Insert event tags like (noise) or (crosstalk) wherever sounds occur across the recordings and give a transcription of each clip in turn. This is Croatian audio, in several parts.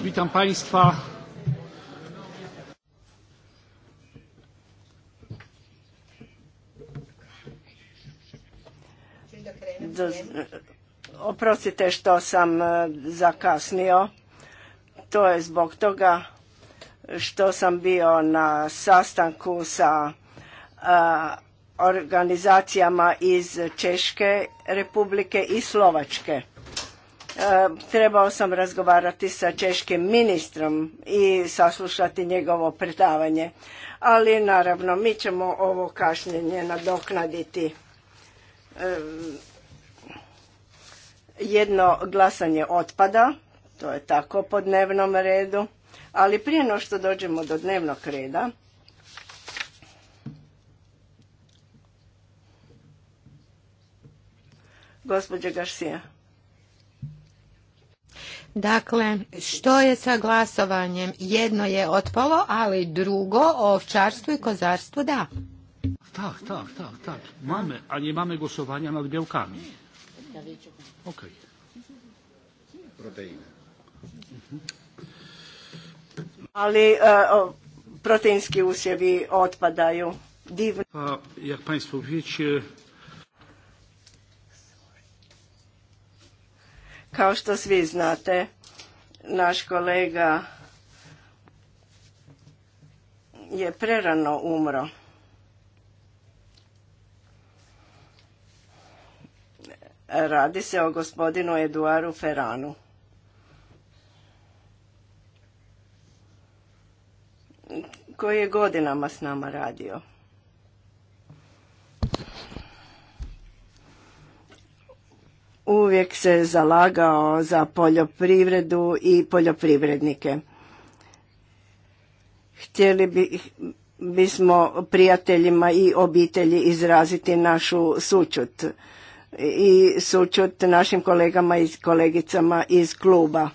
Witam Państwa. Oprostite što sam e, zakasnio. To je zbog toga što sam bio na sastanku sa e, organizacijama iz Češke republike i Slovačke Eh, trebao sam razgovarati sa češkim ministrom i saslušati njegovo predavanje. Ali naravno, mi ćemo ovo kašnjenje nadoknaditi. Eh, jedno glasanje otpada, to je tako po dnevnom redu, ali prije no što dođemo do dnevnog reda, gospođa Garcia. Dakle, što je sa glasovanjem? Jedno je otpalo, ali drugo o ovčarstvu i kozarstvu da. Tak, tak, tak, tak. Mamy, a nie mamy głosowania nad białkami. Okej. Ali e, proteinski usjevi otpadaju. Divno. Pa, jak Państwo wiecie, Kao što svi znate, naš kolega je prerano umro. Radi se o gospodinu Eduaru Ferranu. koji je godinama s nama radio. uvijek se zalagao za poljoprivredu i poljoprivrednike. Htjeli bi, bismo prijateljima i obitelji izraziti našu sučut i sučut našim kolegama i kolegicama iz kluba.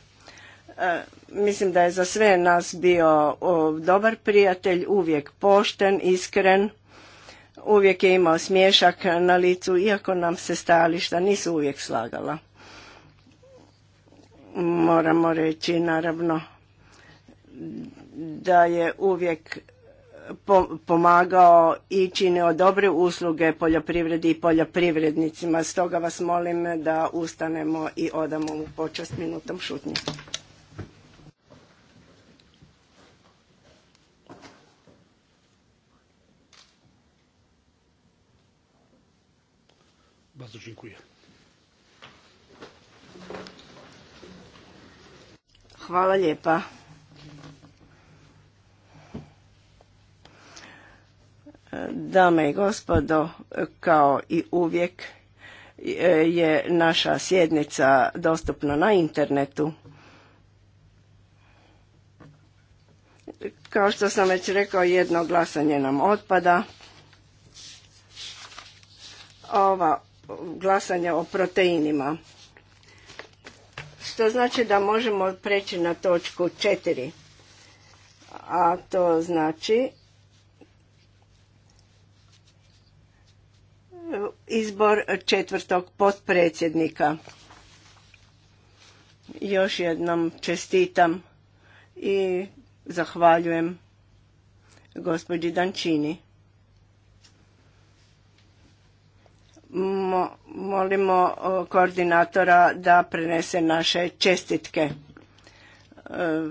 E, mislim da je za sve nas bio dobar prijatelj, uvijek pošten, iskren uvijek je imao smješak na licu, iako nam se stajališta nisu uvijek slagala. Moramo reći, naravno, da je uvijek pomagao i činio dobre usluge poljoprivredi i poljoprivrednicima. Stoga vas molim da ustanemo i odamo mu počast minutom šutnje. Bardzo Hvala lijepa. Dame i gospodo, kao i uvijek je naša sjednica dostupna na internetu. Kao što sam već rekao, jedno glasanje nam otpada. Ova glasanja o proteinima. Što znači da možemo preći na točku četiri A to znači izbor četvrtog potpredsjednika. Još jednom čestitam i zahvaljujem gospođi Dančini. molimo koordinatora da prenese naše čestitke. E,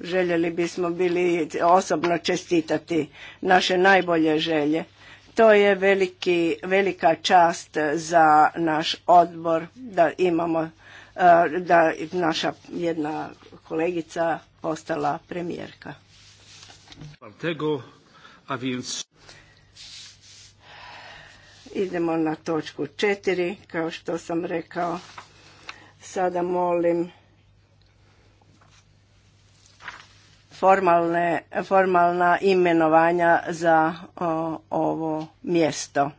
željeli bismo bili osobno čestitati naše najbolje želje. To je veliki, velika čast za naš odbor da imamo e, da naša jedna kolegica postala premijerka. Idemo na točku četiri. kao što sam rekao. Sada molim formalne, formalna imenovanja za ovo mjesto.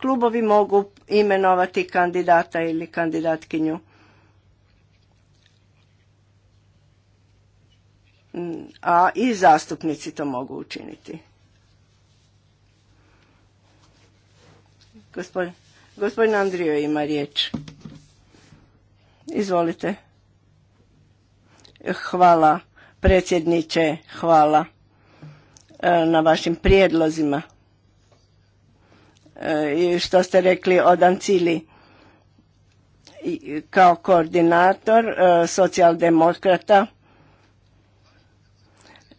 Klubovi mogu imenovati kandidata ili kandidatkinju. A i zastupnici to mogu učiniti. Gospodin, Andriju Andrijo ima riječ. Izvolite. Hvala predsjedniče, hvala e, na vašim prijedlozima e, i što ste rekli o Dancili kao koordinator e, socijaldemokrata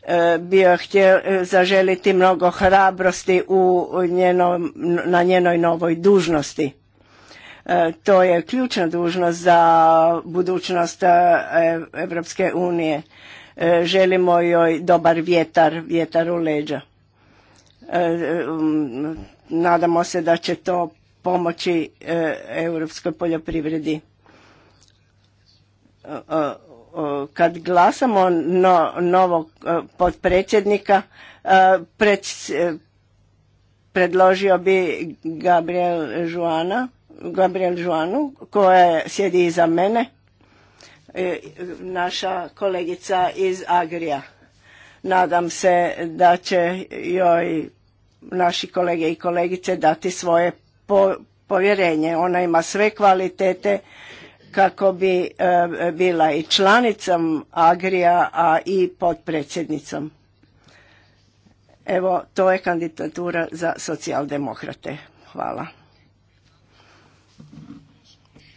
E, bio htio e, zaželiti mnogo hrabrosti u na njenoj novoj dužnosti. E, to je ključna dužnost za budućnost Evropske unije. Želimo joj dobar vjetar, vjetar u leđa. Nadamo se da će to pomoći europskoj poljoprivredi E, kad glasamo novog e, potpredsjednika e, predložio bi Gabriel Žuana, Gabriel Žuanu koja sjedi iza mene, naša kolegica iz Agrija. Nadam se da će joj naši kolege i kolegice dati svoje povjerenje. Ona ima sve kvalitete kako bi e, bila i članicom Agrija, a i potpredsjednicom. Evo, to je kandidatura za socijaldemokrate. Hvala.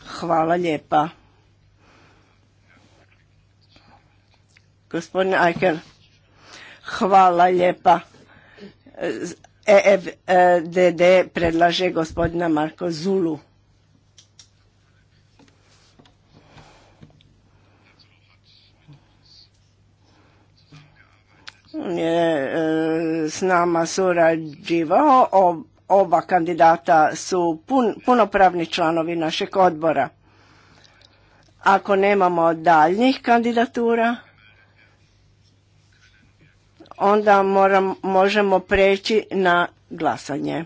Hvala lijepa. Gospodin Ajker, hvala lijepa. EFDD e e, predlaže gospodina Marko Zulu. je e, s nama surađivao. Oba kandidata su punopravni članovi našeg odbora. Ako nemamo daljnjih kandidatura, onda možemo preći na glasanje.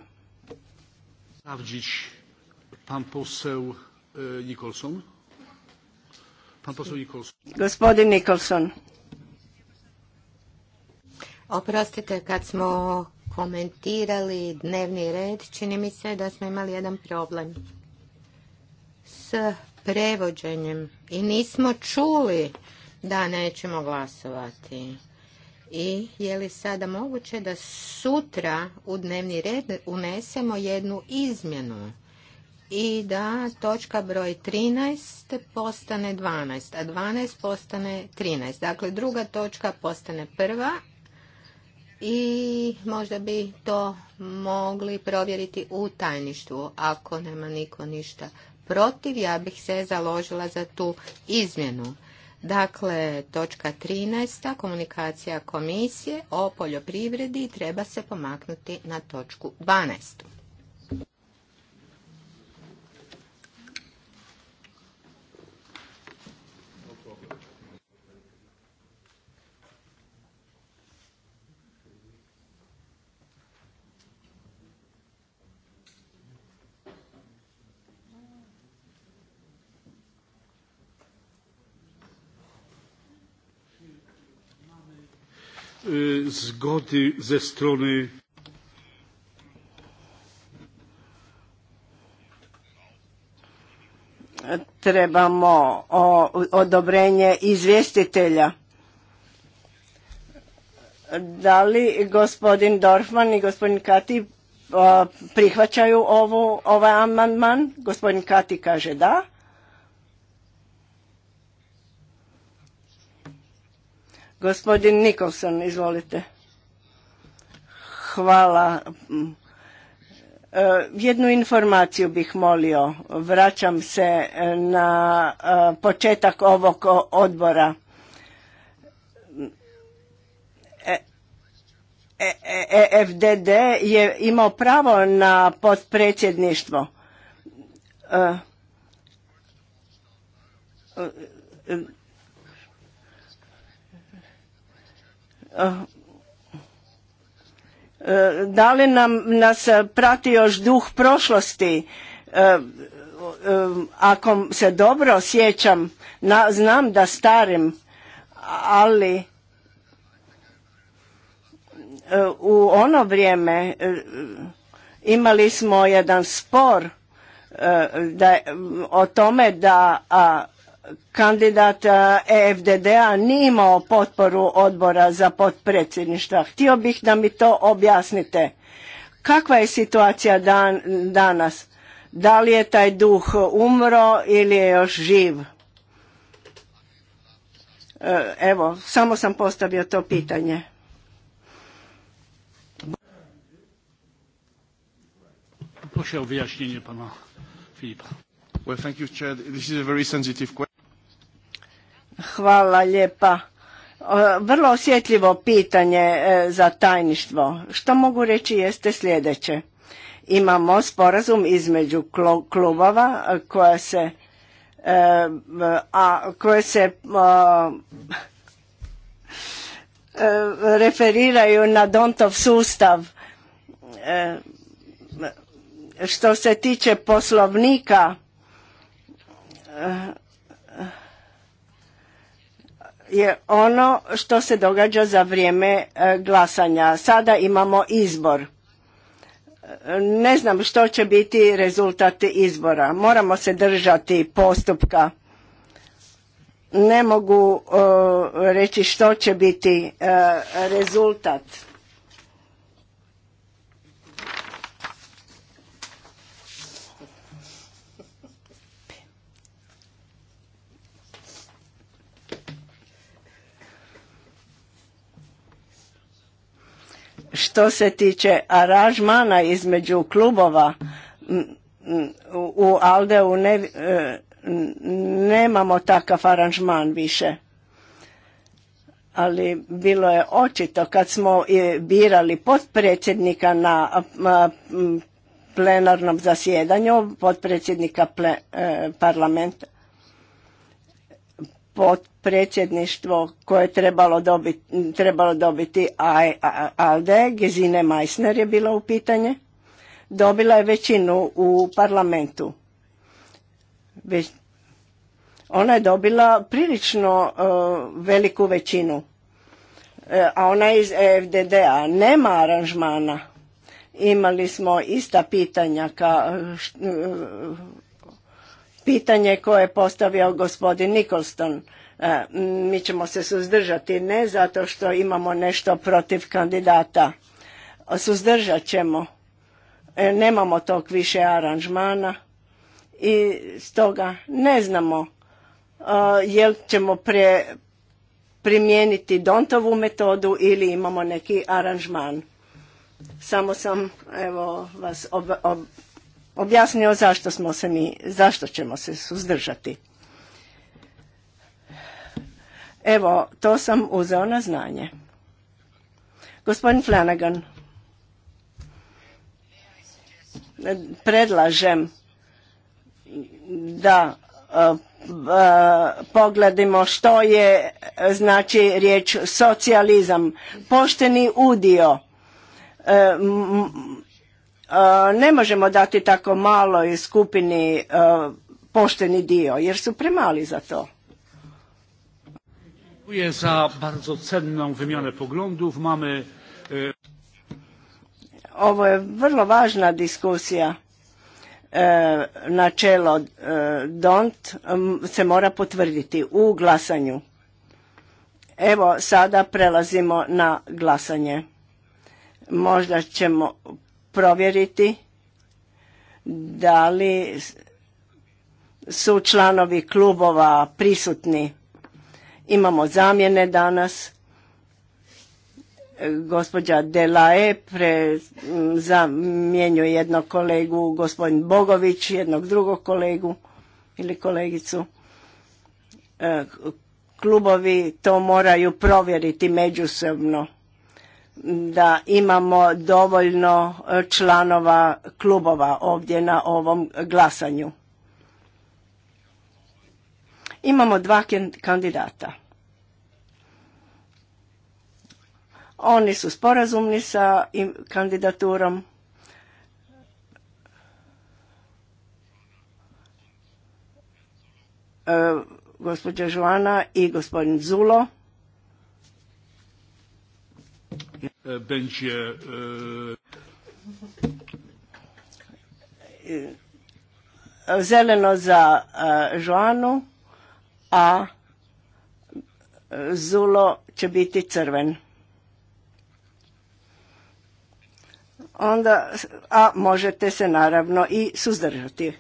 Pan e, Nicholson. Gospodin Nicholson. Oprostite, kad smo komentirali dnevni red, čini mi se da smo imali jedan problem s prevođenjem i nismo čuli da nećemo glasovati. I je li sada moguće da sutra u dnevni red unesemo jednu izmjenu i da točka broj 13 postane 12, a 12 postane 13. Dakle, druga točka postane prva, i možda bi to mogli provjeriti u tajništvu. Ako nema niko ništa protiv, ja bih se založila za tu izmjenu. Dakle, točka 13. komunikacija komisije o poljoprivredi treba se pomaknuti na točku 12. zgody ze strony trebamo odobrenje izvjestitelja. Da li gospodin Dorfman i gospodin Kati prihvaćaju ovaj amandman? Gospodin Kati kaže da. Gospodin Nikolson, izvolite. Hvala. E, jednu informaciju bih molio. Vraćam se e, na e, početak ovog odbora. FDD je imao pravo na potpredsjedništvo. Eh, eh, da li nam, nas prati još duh prošlosti? Eh, ako se dobro osjećam, znam da starim, ali u ono vrijeme imali smo jedan spor o tome da a, kandidat EFDD-a nije imao potporu odbora za potpredsjedništva. Htio bih da mi to objasnite. Kakva je situacija dan, danas? Da li je taj duh umro ili je još živ? E, evo, samo sam postavio to pitanje. Prošao pana Filipa. Well, thank you, Chad. This is a very sensitive Hvala lijepa. Vrlo osjetljivo pitanje e, za tajništvo. Što mogu reći jeste sljedeće. Imamo sporazum između klubova e, koja se e, a koje se referiraju na Dontov sustav što se tiče poslovnika je ono što se događa za vrijeme e, glasanja. Sada imamo izbor. E, ne znam što će biti rezultat izbora. Moramo se držati postupka. Ne mogu e, reći što će biti rezultat Što se tiče aranžmana između klubova u Aldeu ne, e, nemamo takav aranžman više. Ali bilo je očito kad smo birali potpredsjednika na plenarnom zasjedanju, potpredsjednika e, parlamenta, pot, predsjedništvo koje je trebalo dobiti, trebalo dobiti ALDE, e, Gezine Meissner je bila u pitanje, dobila je većinu u parlamentu. Ona je dobila prilično e, veliku većinu, e, a ona iz FDD-a. Nema aranžmana. Imali smo ista pitanja ka pitanje koje je postavio gospodin Nikolston E, mi ćemo se suzdržati ne zato što imamo nešto protiv kandidata. Suzdržat ćemo. E, nemamo tog više aranžmana i stoga ne znamo e, jel ćemo pre, primijeniti Dontovu metodu ili imamo neki aranžman. Samo sam evo vas ob, objasnio zašto smo se mi, zašto ćemo se suzdržati. Evo, to sam uzeo na znanje. Gospodin Flanagan, predlažem da e, e, pogledimo što je znači riječ socijalizam. Pošteni udio. E, ne možemo dati tako maloj skupini pošteni dio jer su premali za to. Dziękuję za bardzo cenną wymianę poglądów. Mamy... E, Ovo je vrlo važna diskusija. E, na načelo e, DONT se mora potvrditi u glasanju. Evo sada prelazimo na glasanje. Možda ćemo provjeriti da li su članovi klubova prisutni Imamo zamjene danas. E, gospođa Delae zamjenjuje jednog kolegu, gospodin Bogović jednog drugog kolegu ili kolegicu. E, klubovi to moraju provjeriti međusobno da imamo dovoljno članova klubova ovdje na ovom glasanju. Imamo dva kandidata. Oni su sporazumni sa kandidaturom. Gospodin e, gospođa Žuana i gospodin Zulo. E, e, zeleno za joanu a zulo će biti crven. Onda, a možete se naravno i suzdržati.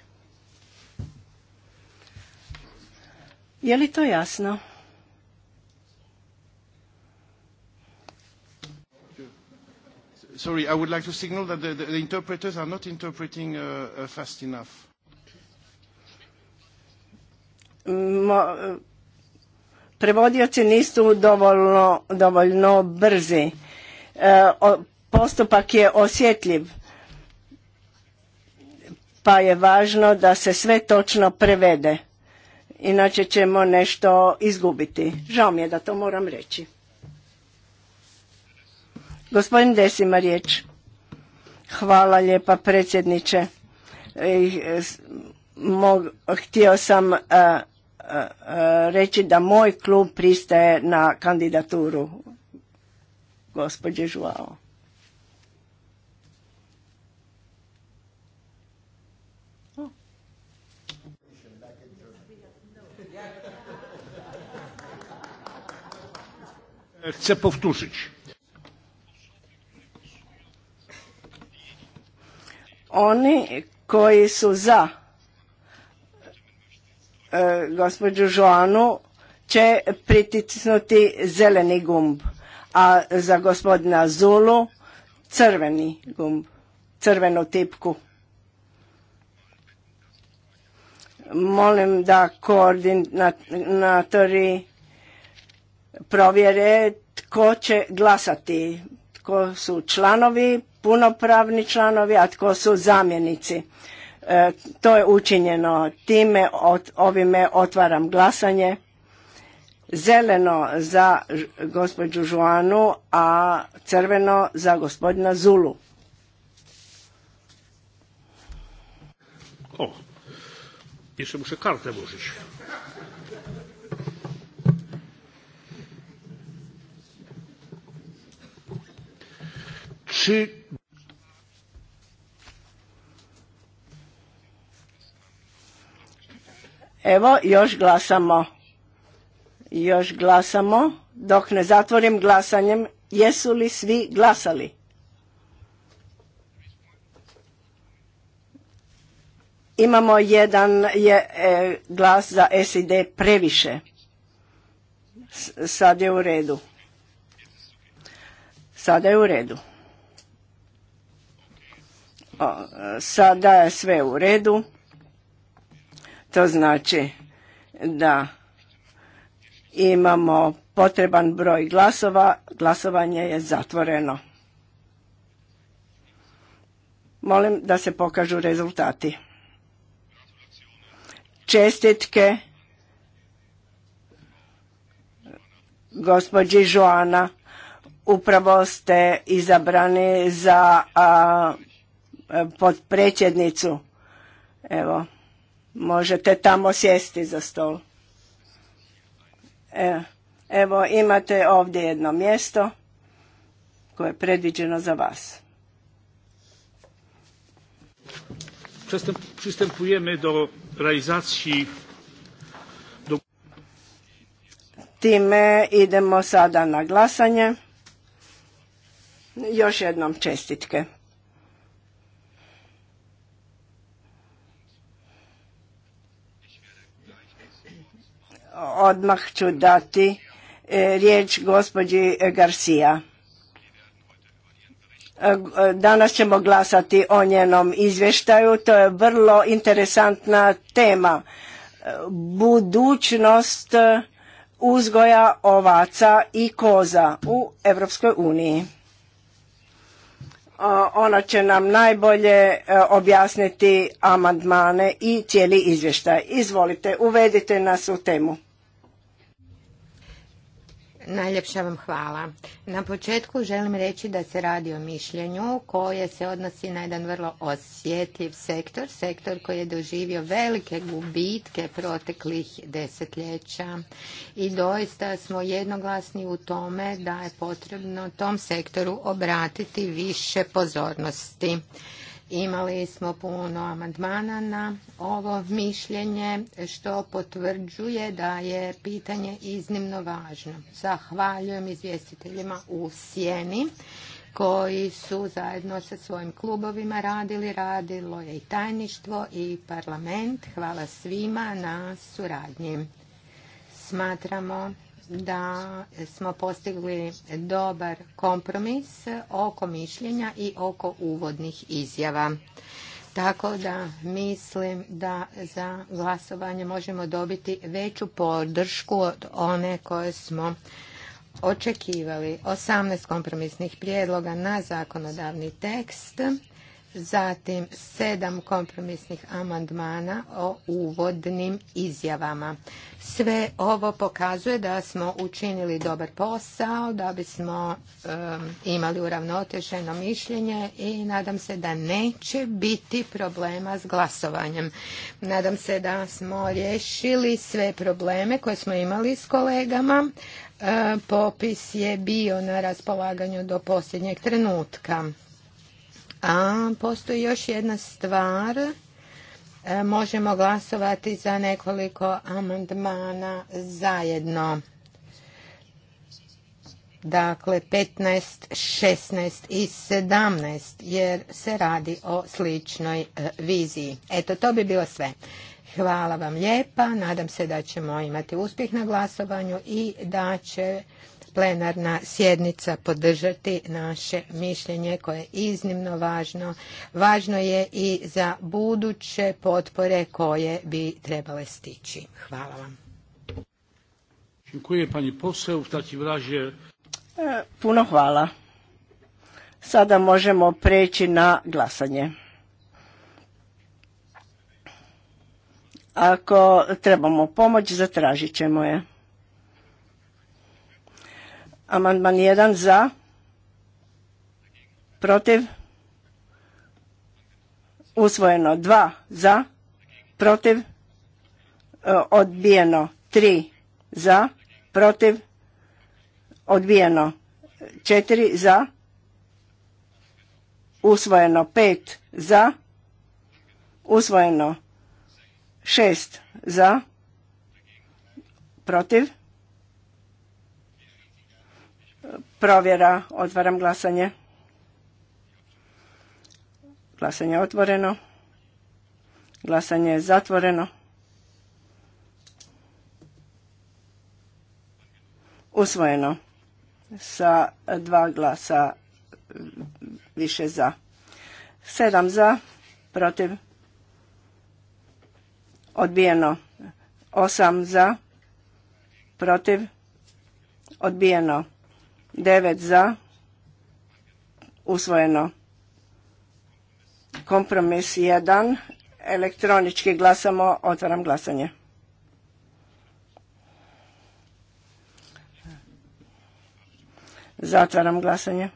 Je li to jasno? Sorry, I would like to signal that the, the interpreters are not interpreting uh, uh fast enough. Mo, prevodioci nisu dovoljno, dovoljno brzi. E, postupak je osjetljiv, pa je važno da se sve točno prevede. Inače ćemo nešto izgubiti. Žao mi je da to moram reći. Gospodin Desima riječ. Hvala lijepa predsjedniče. E, htio sam e, reći da moj klub pristaje na kandidaturu gospođe Žuao. Chcę powtórzyć. Oni koji su za E, gospođu Joanu će pritisnuti zeleni gumb, a za gospodina Zulu crveni gumb, crvenu tipku. Molim da koordinatori provjere tko će glasati, tko su članovi, punopravni članovi, a tko su zamjenici. E, to je učinjeno time, ovime otvaram glasanje. Zeleno za gospođu Žuanu, a crveno za gospodina Zulu. O, se se karte Evo, još glasamo. Još glasamo. Dok ne zatvorim glasanjem, jesu li svi glasali? Imamo jedan je, e, glas za SID previše. S, sad je u redu. Sada je u redu. E, sada je sve u redu. To znači da imamo potreban broj glasova, glasovanje je zatvoreno. Molim da se pokažu rezultati. Čestitke gospođi Joana. Upravo ste izabrani za potpredsjednicu. Evo. Možete tamo sjesti za stol. E, evo, imate ovdje jedno mjesto koje je predviđeno za vas. Przystępujemy do Time idemo sada na glasanje. Još jednom čestitke. Odmah ću dati e, riječ gospođi Garcia. E, danas ćemo glasati o njenom izvještaju. To je vrlo interesantna tema. E, budućnost uzgoja ovaca i koza u Europskoj uniji. Ona će nam najbolje objasniti amandmane i cijeli izvještaj. Izvolite, uvedite nas u temu. Najljepša vam hvala. Na početku želim reći da se radi o mišljenju koje se odnosi na jedan vrlo osjetljiv sektor, sektor koji je doživio velike gubitke proteklih desetljeća i doista smo jednoglasni u tome da je potrebno tom sektoru obratiti više pozornosti. Imali smo puno amandmana na ovo mišljenje što potvrđuje da je pitanje iznimno važno. Zahvaljujem izvjestiteljima u sjeni koji su zajedno sa svojim klubovima radili, radilo je i tajništvo i parlament. Hvala svima na suradnji. Smatramo da smo postigli dobar kompromis oko mišljenja i oko uvodnih izjava. Tako da mislim da za glasovanje možemo dobiti veću podršku od one koje smo očekivali. 18 kompromisnih prijedloga na zakonodavni tekst zatim sedam kompromisnih amandmana o uvodnim izjavama. Sve ovo pokazuje da smo učinili dobar posao, da bismo imali uravnoteženo mišljenje i nadam se da neće biti problema s glasovanjem. Nadam se da smo rješili sve probleme koje smo imali s kolegama. popis je bio na raspolaganju do posljednjeg trenutka. A postoji još jedna stvar. E, možemo glasovati za nekoliko amandmana zajedno. Dakle, 15, 16 i 17, jer se radi o sličnoj e, viziji. Eto, to bi bilo sve. Hvala vam lijepa, nadam se da ćemo imati uspjeh na glasovanju i da će plenarna sjednica podržati naše mišljenje koje je iznimno važno. Važno je i za buduće potpore koje bi trebale stići. Hvala vam. E, puno hvala. Sada možemo preći na glasanje. Ako trebamo pomoć, zatražit ćemo je. Amandman 1 za, protiv, usvojeno 2 e, za, protiv, odbijeno 3 za, protiv, odbijeno 4 za, usvojeno 5 za, usvojeno 6 za, protiv, Provjera. Otvaram glasanje. Glasanje je otvoreno. Glasanje je zatvoreno. Usvojeno sa dva glasa više za. Sedam za, protiv, odbijeno. Osam za, protiv, odbijeno. 9 za, usvojeno. Kompromis 1, elektronički glasamo, otvaram glasanje. Zatvaram glasanje.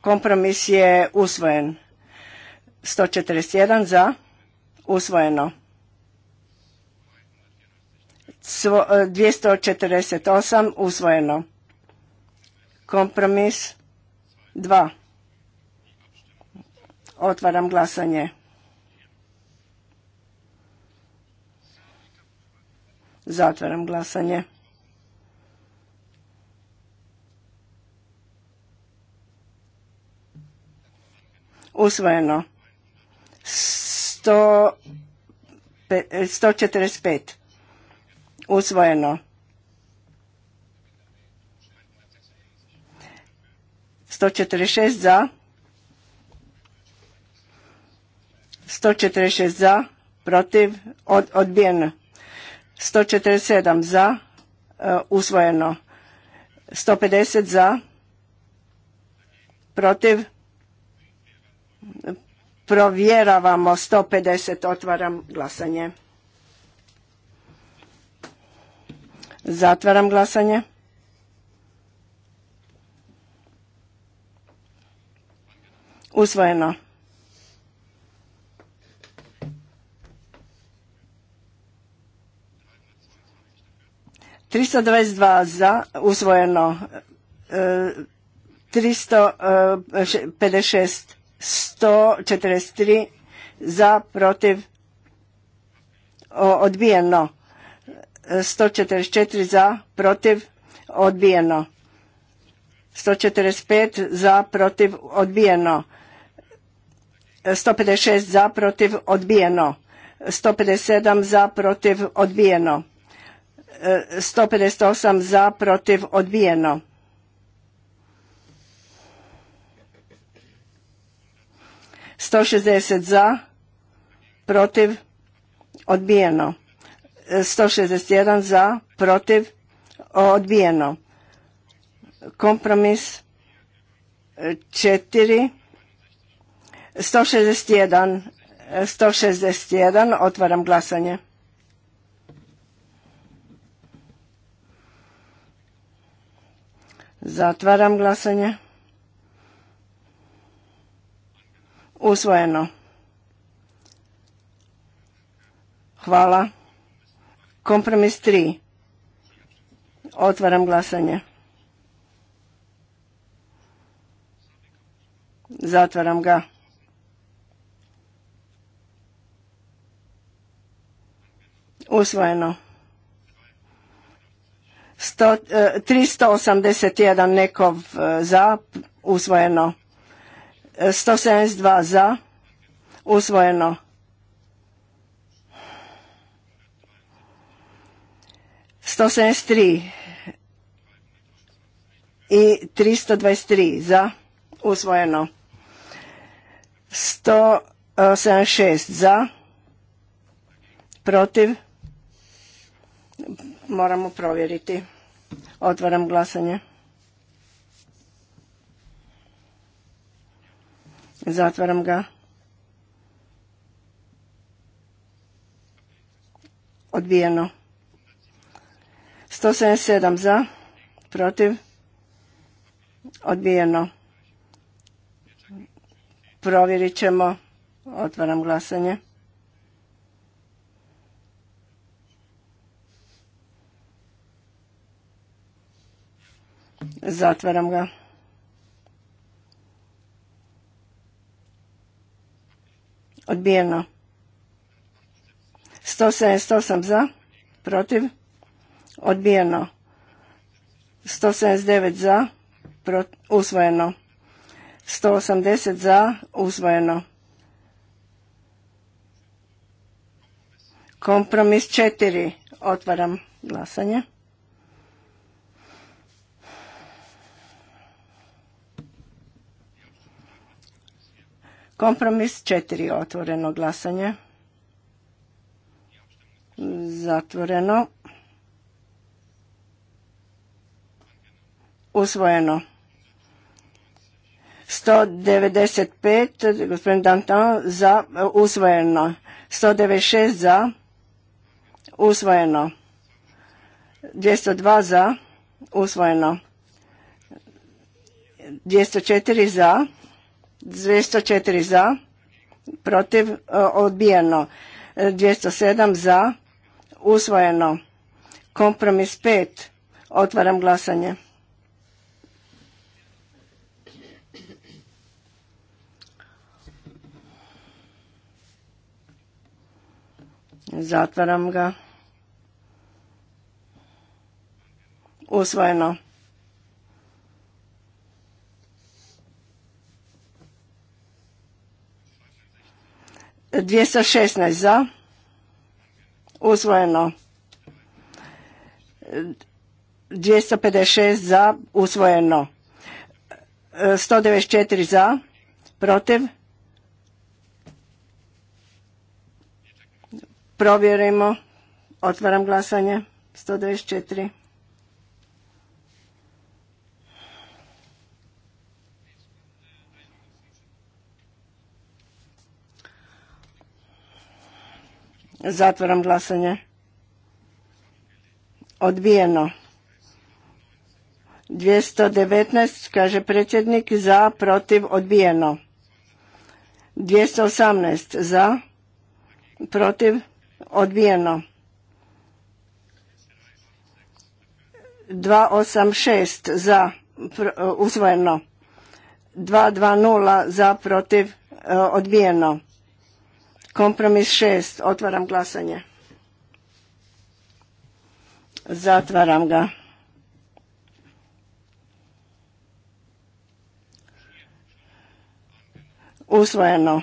Kompromis je usvojen. 141 za, usvojeno. 248 e, usvojeno. Kompromis 2. Otvaram glasanje. Zatvaram glasanje. Usvojeno. 145. 145 usvojeno. Sto šest za, Sto 146 za, protiv, Sto odbijeno. sedam za, e, usvojeno usvojeno. 150 za, protiv, provjeravamo pedeset otvaram glasanje. Zatvaram glasanje. Usvojeno. Tristo dvadeset dva za usvojeno e, tristo e, pedeset šest sto četrdeset tri za protiv odbijeno 144 za, protiv, odbijeno. 145 za, protiv, odbijeno. 156 za, protiv, odbijeno. 157 za, protiv, odbijeno. 158 za, protiv, odbijeno. 160 za, protiv, odbijeno. 161 za, protiv, odbijeno. Kompromis 4, 161, 161, otvaram glasanje. Zatvaram glasanje. Usvojeno. Hvala. Kompromis 3. Otvaram glasanje. Zatvaram ga. Usvojeno. 381 e, nekov e, za, usvojeno. 172 e, za, usvojeno. 173 i 323 za usvojeno. 176 za protiv moramo provjeriti. Otvaram glasanje. Zatvaram ga. Odbijeno. 177 za, protiv, odbijeno. Provjerit ćemo, otvaram glasanje. Zatvaram ga. Odbijeno. 178 za, protiv, odbijeno 179 za usvojeno 180 za usvojeno kompromis 4 otvaram glasanje Kompromis 4. Otvoreno glasanje. Zatvoreno. usvojeno. 195, gospodin Dantan, za, usvojeno. 196 za, usvojeno. 202 za, usvojeno. 204 za, 204 za, protiv, e, odbijeno. 207 za, usvojeno. Kompromis 5, otvaram glasanje. Zatvaram ga. Usvojeno. Dvjesto šesnaest za. Usvojeno. šest za, usvojeno. četiri za, protiv, Provjerimo. Otvaram glasanje. 124. Zatvaram glasanje. Odbijeno. 219, kaže predsjednik, za, protiv, odbijeno. 218, za, protiv, odbijeno odbijeno 286 za uh, usvojeno 220 za protiv uh, odbijeno kompromis 6 otvaram glasanje zatvaram ga usvojeno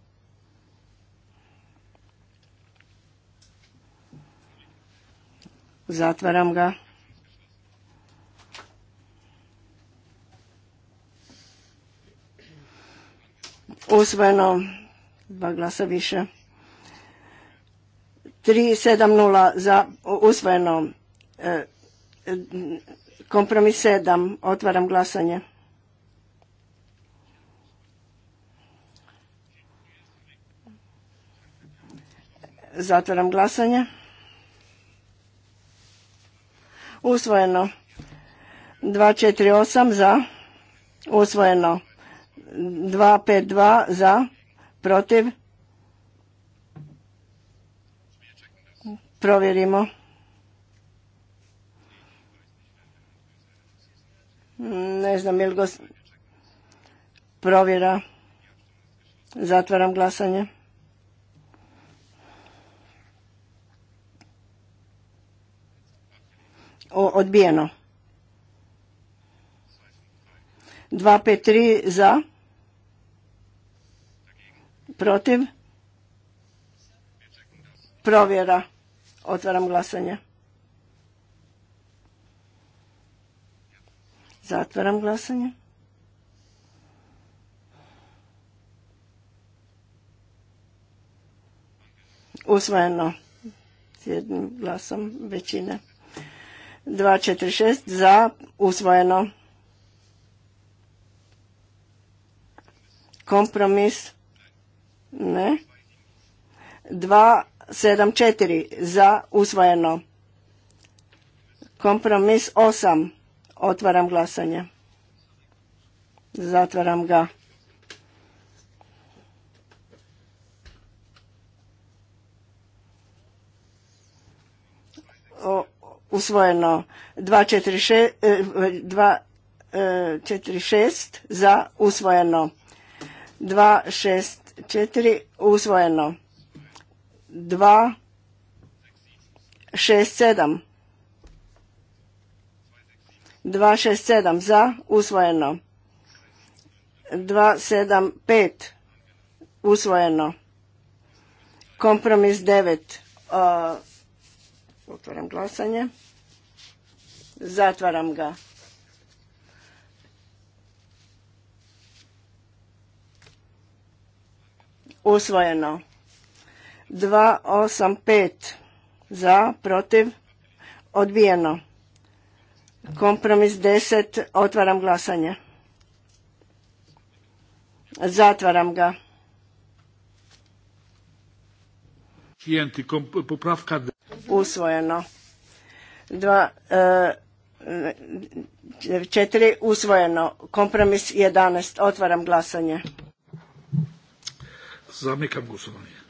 Zatvaram ga. Usvojeno dva glasa više. 370 za usvojeno e, kompromis 7. Otvaram glasanje. Zatvaram glasanje. Usvojeno. 248 za. Usvojeno. 252 za. Protiv. Provjerimo. Ne znam, ili gos, Provjera. Zatvaram glasanje. odbijeno. 253 za, protiv, provjera, otvaram glasanje. Zatvaram glasanje. Usvojeno s jednim glasom većine. 246 za usvojeno. Kompromis ne. 274 za usvojeno. Kompromis 8. Otvaram glasanje. Zatvaram ga. usvojeno 246, e, e, za usvojeno 264 usvojeno 267 267 za usvojeno 275 usvojeno kompromis 9 uh, e, Otvaram glasanje. Zatvaram ga. Usvojeno. 285 za, protiv, odbijeno. Kompromis 10, otvaram glasanje. Zatvaram ga. Popravka 10 usvojeno. Dva, e, četiri usvojeno. Kompromis 11. Otvaram glasanje. Zamikam glasovanje.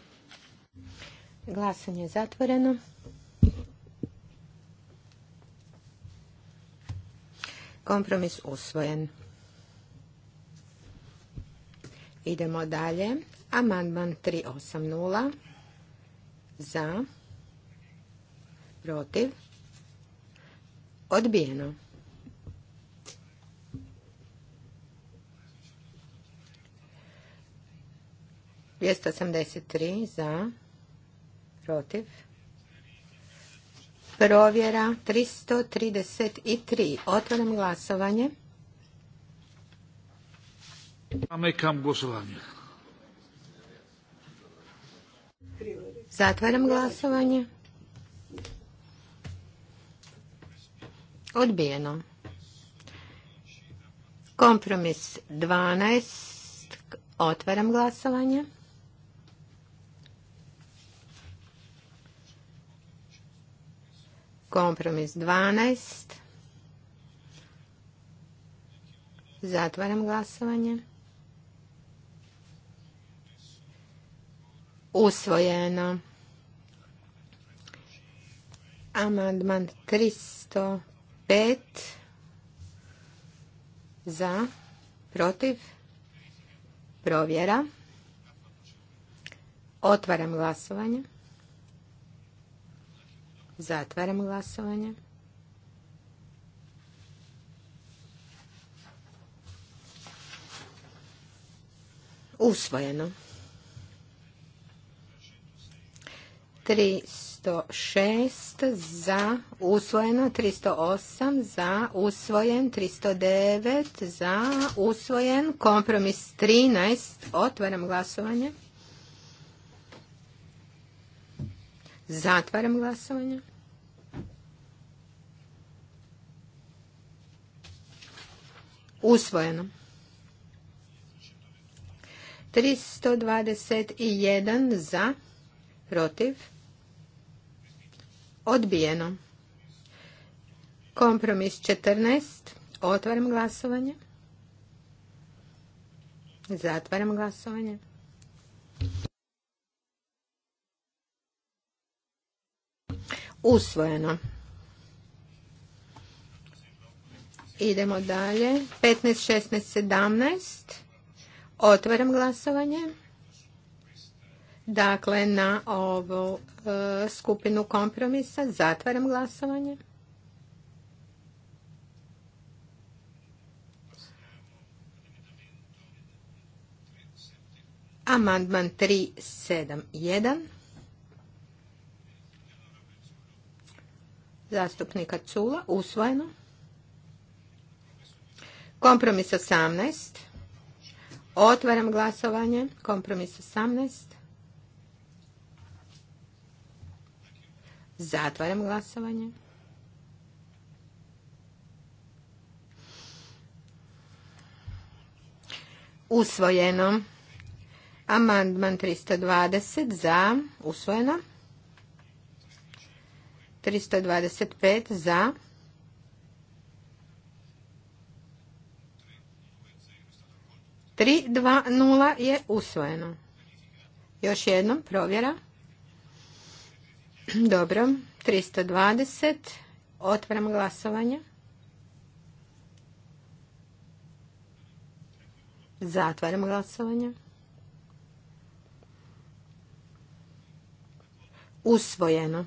Glasanje je zatvoreno. Kompromis usvojen. Idemo dalje. Amandman 380 za protiv, odbijeno. Dvjesto osamdeset tri za, protiv, provjera tri Otvaram glasovanje. Zamekam glasovanje. Zatvaram glasovanje. Odbijeno. Kompromis 12. Otvaram glasovanje. Kompromis 12. Zatvaram glasovanje. Usvojeno. Amandman 300 pet za, protiv, provjera. Otvaram glasovanje. Zatvaram glasovanje. Usvojeno. 306 za usvojeno, 308 za usvojen, 309 za usvojen, kompromis 13, otvaram glasovanje. Zatvaram glasovanje. Usvojeno. 321 za protiv, odbijeno. Kompromis 14, otvaram glasovanje, zatvaram glasovanje. Usvojeno. Idemo dalje. 15, 16, 17. Otvaram glasovanje. Dakle, na ovu e, skupinu kompromisa zatvaram glasovanje. Amandman 371. Zastupnika Cula, usvojeno. Kompromis 18. Otvaram glasovanje. Kompromis 18. Zatvaram glasovanje. Usvojeno. Amandman 320 za. Usvojeno. 325 za. Tri, dva, nula je usvojeno. Još jednom provjera. Dobro, 320. Otvaram glasovanje. Zatvaram glasovanje. Usvojeno.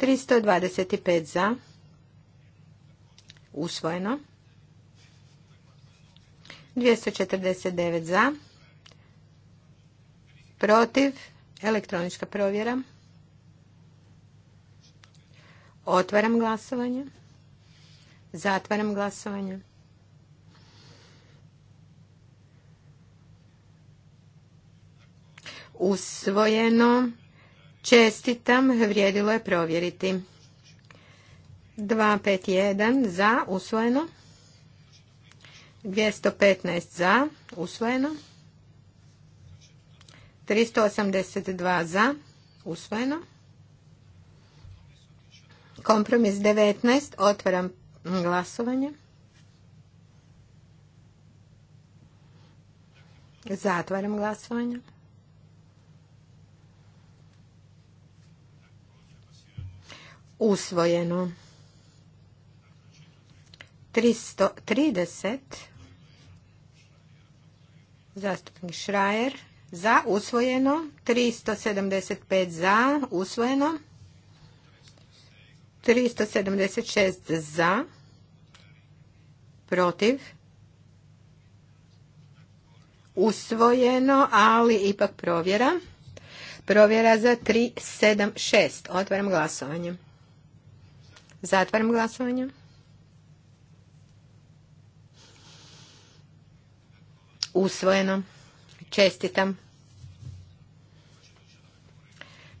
325 za. Usvojeno. 249 za. Protiv. Elektronička provjera. Otvaram glasovanje. Zatvaram glasovanje. Usvojeno. Čestitam, vrijedilo je provjeriti. 251 za, usvojeno. 215 za, usvojeno. 382 za, usvojeno. Kompromis 19. Otvaram glasovanje. Zatvaram glasovanje. Usvojeno. 330. Zastupnik Šrajer. Za. Usvojeno. 375 za. Usvojeno. 376 za, protiv, usvojeno, ali ipak provjera. Provjera za 376. Otvaram glasovanje. Zatvaram glasovanje. Usvojeno. Čestitam.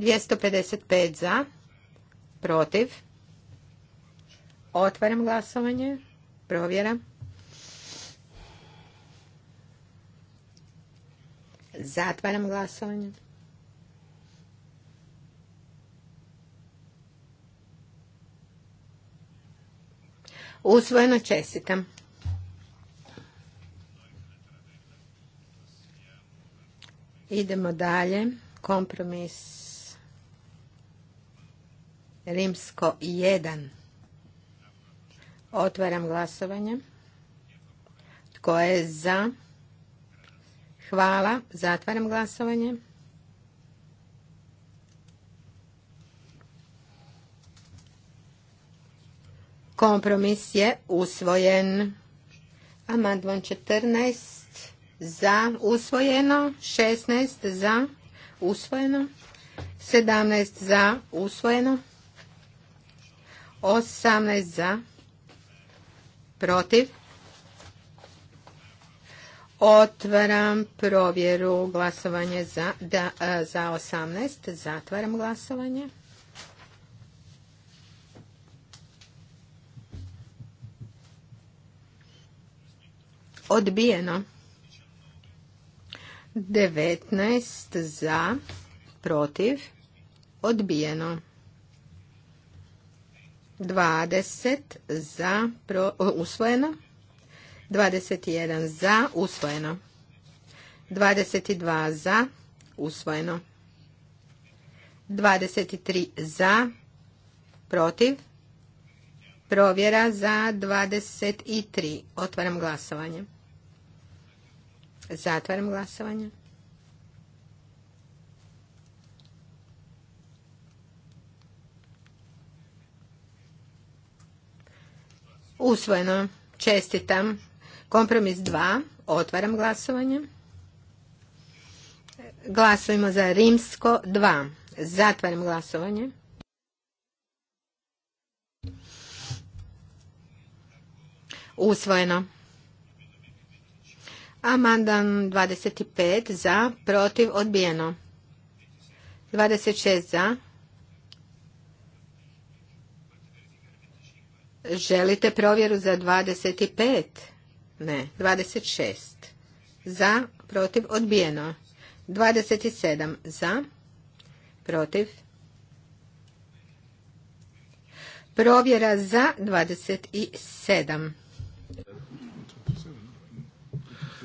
255 za, protiv. Otvaram glasovanje. Provjeram. Zatvaram glasovanje. Usvojeno čestitam. Idemo dalje. Kompromis Rimsko 1. Otvaram glasovanje. Tko je za? Hvala. Zatvaram glasovanje. Kompromis je usvojen. Amandman 14 za usvojeno, 16 za usvojeno, 17 za usvojeno. 18 za, protiv. Otvaram provjeru glasovanje za, da, e, za 18. Zatvaram glasovanje. Odbijeno. 19 za, protiv, odbijeno. 20 za usvojeno. 21 za usvojeno. 22 za usvojeno. 23 za protiv. Provjera za 23. Otvaram glasovanje. Zatvaram glasovanje. Usvojeno. Čestitam. Kompromis 2. Otvaram glasovanje. Glasujemo za rimsko 2. Zatvaram glasovanje. Usvojeno. Amandan 25 za, protiv, odbijeno. 26 za, Želite provjeru za 25? Ne, 26. Za, protiv, odbijeno. 27 za, protiv. Provjera za 27.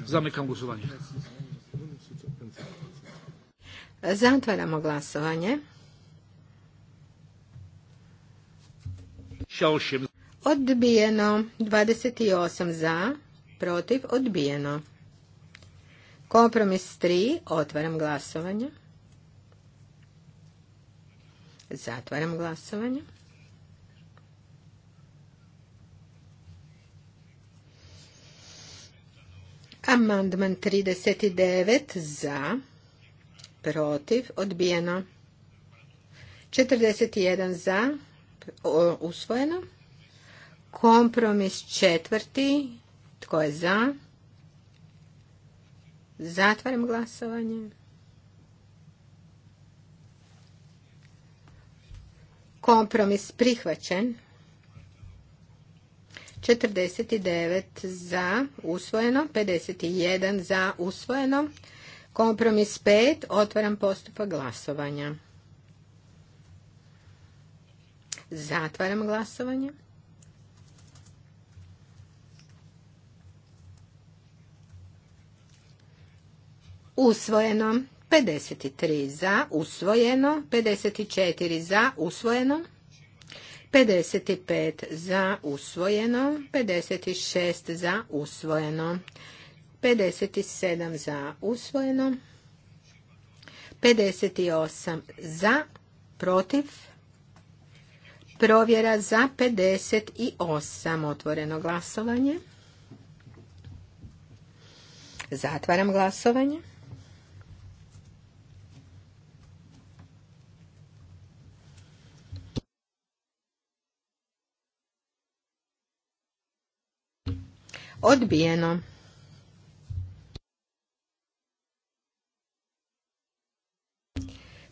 Zamekam glasovanje. Zatvaramo glasovanje. 8 odbijeno. 28 za, protiv, odbijeno. Kompromis 3, otvaram glasovanje. Zatvaram glasovanje. Amandman 39 za, protiv, odbijeno. 41 za, usvojeno. Kompromis četvrti. Tko je za? Zatvaram glasovanje. Kompromis prihvaćen. 49 za usvojeno, 51 za usvojeno. Kompromis 5, otvaram postupak glasovanja. Zatvaram glasovanje. usvojeno, 53 za, usvojeno, 54 za, usvojeno, 55 za, usvojeno, 56 za, usvojeno, 57 za, usvojeno, 58 za, protiv, provjera za 58, otvoreno glasovanje, zatvaram glasovanje. odbijeno.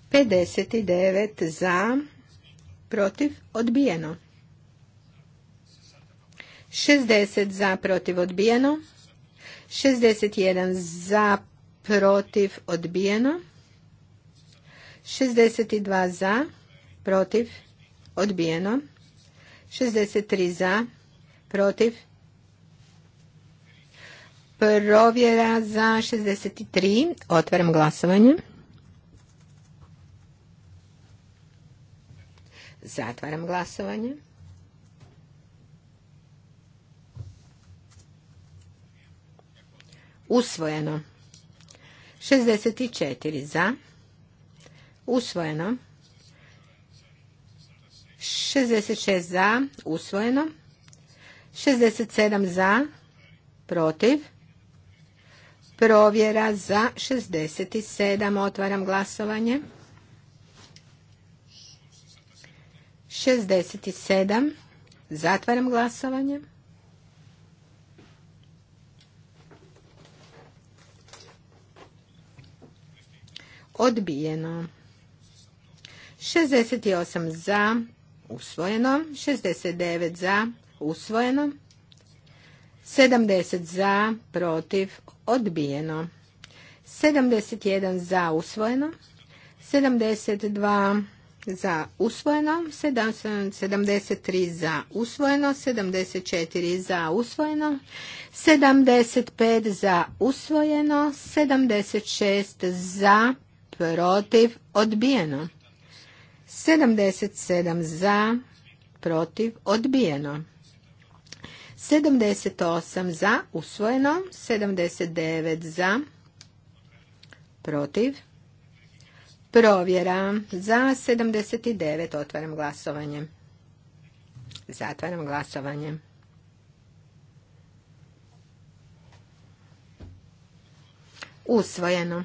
Pedeset devet za, protiv, odbijeno. 60 za, protiv, odbijeno. jedan za, protiv, odbijeno. dva za, protiv, odbijeno. 63 za, protiv, Provjera za 63. Otvaram glasovanje. Zatvaram glasovanje. Usvojeno. 64 za. Usvojeno. 66 za. Usvojeno. 67 za. Protiv. Provjera za 67. Otvaram glasovanje. 67. Zatvaram glasovanje. Odbijeno. 68 za, usvojeno. 69 za, usvojeno. 70 za, protiv, odbijeno. 71 za usvojeno, 72 za usvojeno, 73 za usvojeno, 74 za usvojeno, 75 za usvojeno, 76 za protiv odbijeno, 77 za protiv odbijeno. 78 za, usvojeno. 79 za, protiv. Provjera za 79. Otvaram glasovanje. Zatvaram glasovanje. Usvojeno.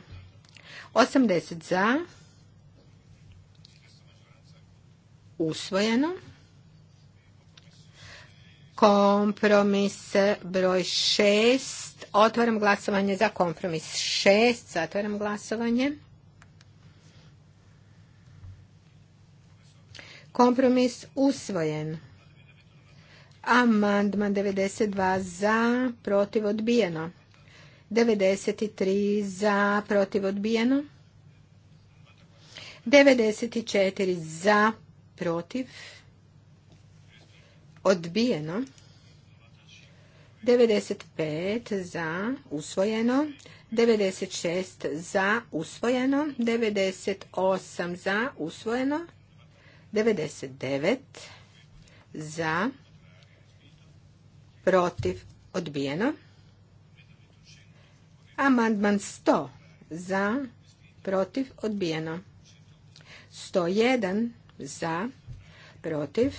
80 za. Usvojeno. Kompromis broj šest. Otvaram glasovanje za kompromis 6. Zatvaram glasovanje. Kompromis usvojen. Amandman 92 za, protiv odbijeno. 93 za, protiv odbijeno. 94 za, protiv odbijeno. 95 za usvojeno, 96 za usvojeno, 98 za usvojeno, 99 za protiv odbijeno. Amandman 100 za protiv odbijeno. 101 za protiv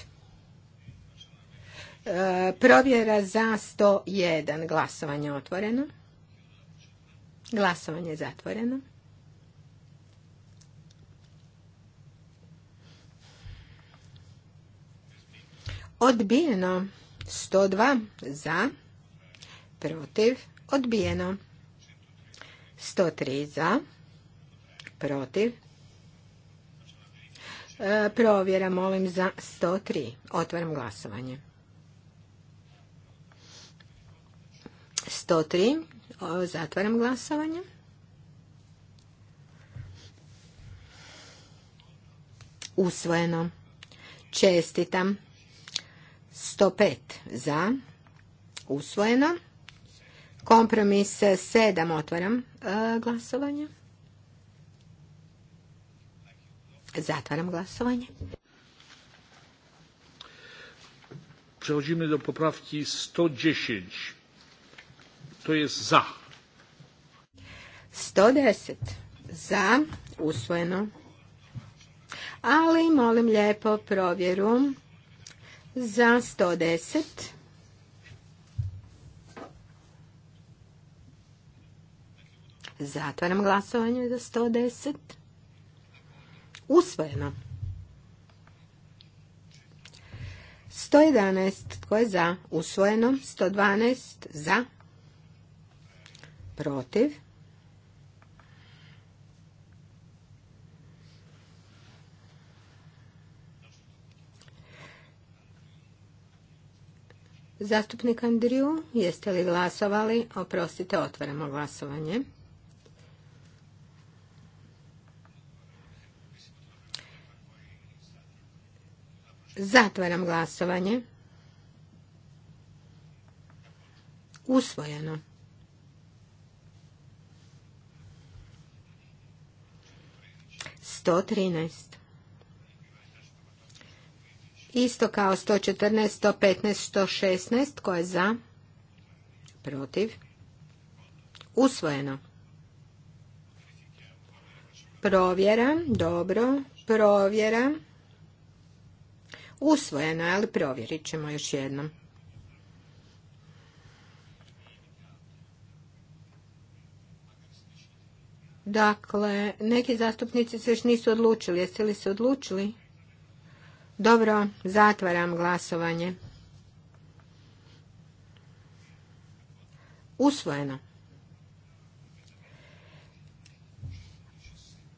Provjera za 101. Glasovanje otvoreno. Glasovanje zatvoreno. Odbijeno. 102 za. Protiv. Odbijeno. 103 za. Protiv. E, provjera molim za 103. Otvaram glasovanje. 103. Zatvaram glasovanje. Usvojeno. Čestitam. 105 za. Usvojeno. Kompromis 7. Otvaram e, glasovanje. Zatvaram glasovanje. Przechodzimy do poprawki 110. To je za? 110 za, usvojeno. Ali molim lijepo provjeru za 110. Zatvaram glasovanje za 110. Usvojeno. 111. Tko je za? Usvojeno. 112. Za protiv Zastupnik Andriju, jeste li glasovali? Oprostite, otvaramo glasovanje. Zatvaram glasovanje. Usvojeno. 113. Isto kao 114, 115, 116. Tko je za? Protiv. Usvojeno. Provjera. Dobro. Provjera. Usvojeno ali provjerit ćemo još jednom. Dakle, neki zastupnici se još nisu odlučili. Jeste li se odlučili? Dobro, zatvaram glasovanje. Usvojeno.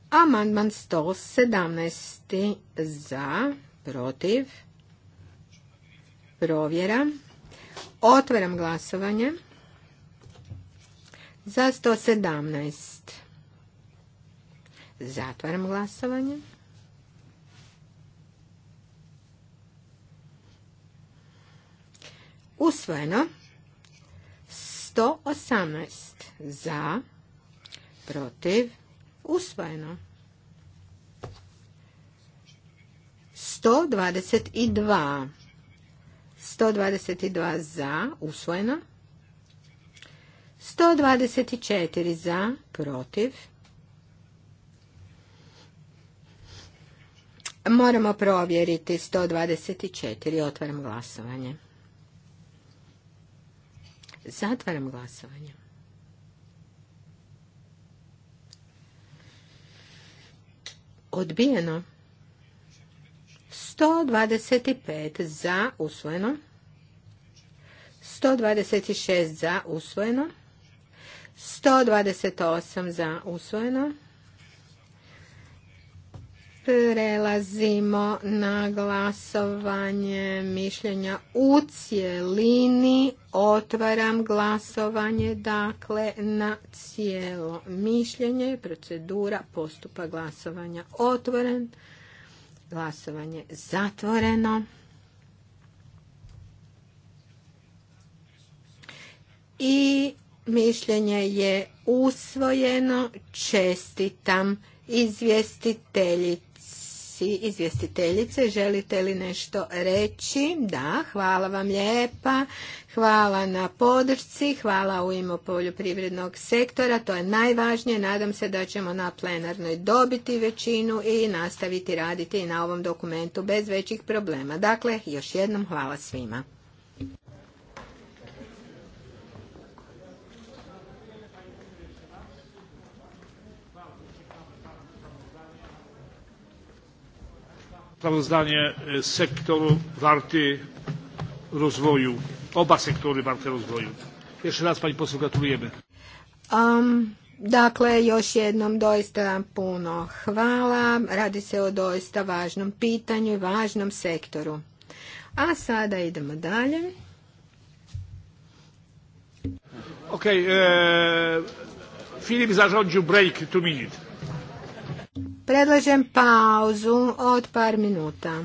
Amandman 117. za, protiv, provjera. Otvaram glasovanje za 117. Zatvaram glasovanje. Usvojeno. 118 za, protiv, usvojeno. 122. 122 za, usvojeno. 124 za, protiv, Moramo provjeriti 124. Otvaram glasovanje. Zatvaram glasovanje. Odbijeno. 125 za usvojeno. 126 za usvojeno. 128 za usvojeno. Prelazimo na glasovanje mišljenja u cijelini. Otvaram glasovanje, dakle, na cijelo mišljenje. Procedura postupa glasovanja otvoren, glasovanje zatvoreno. I mišljenje je usvojeno. Čestitam izvjestitelji poziciji izvjestiteljice. Želite li nešto reći? Da, hvala vam lijepa. Hvala na podršci, hvala u ime poljoprivrednog sektora, to je najvažnije. Nadam se da ćemo na plenarnoj dobiti većinu i nastaviti raditi na ovom dokumentu bez većih problema. Dakle, još jednom hvala svima. sprawozdanie e, sektoru warty rozwoju, oba sektory warte rozwoju. Jeszcze raz Pani poseł gratulujemy. Um, dakle, još jednom doista puno hvala. Radi se o doista važnom pitanju i važnom sektoru. A sada idemo dalje. Ok, e, Filip zarządził break two minute. Predlažem pauzu od par minuta.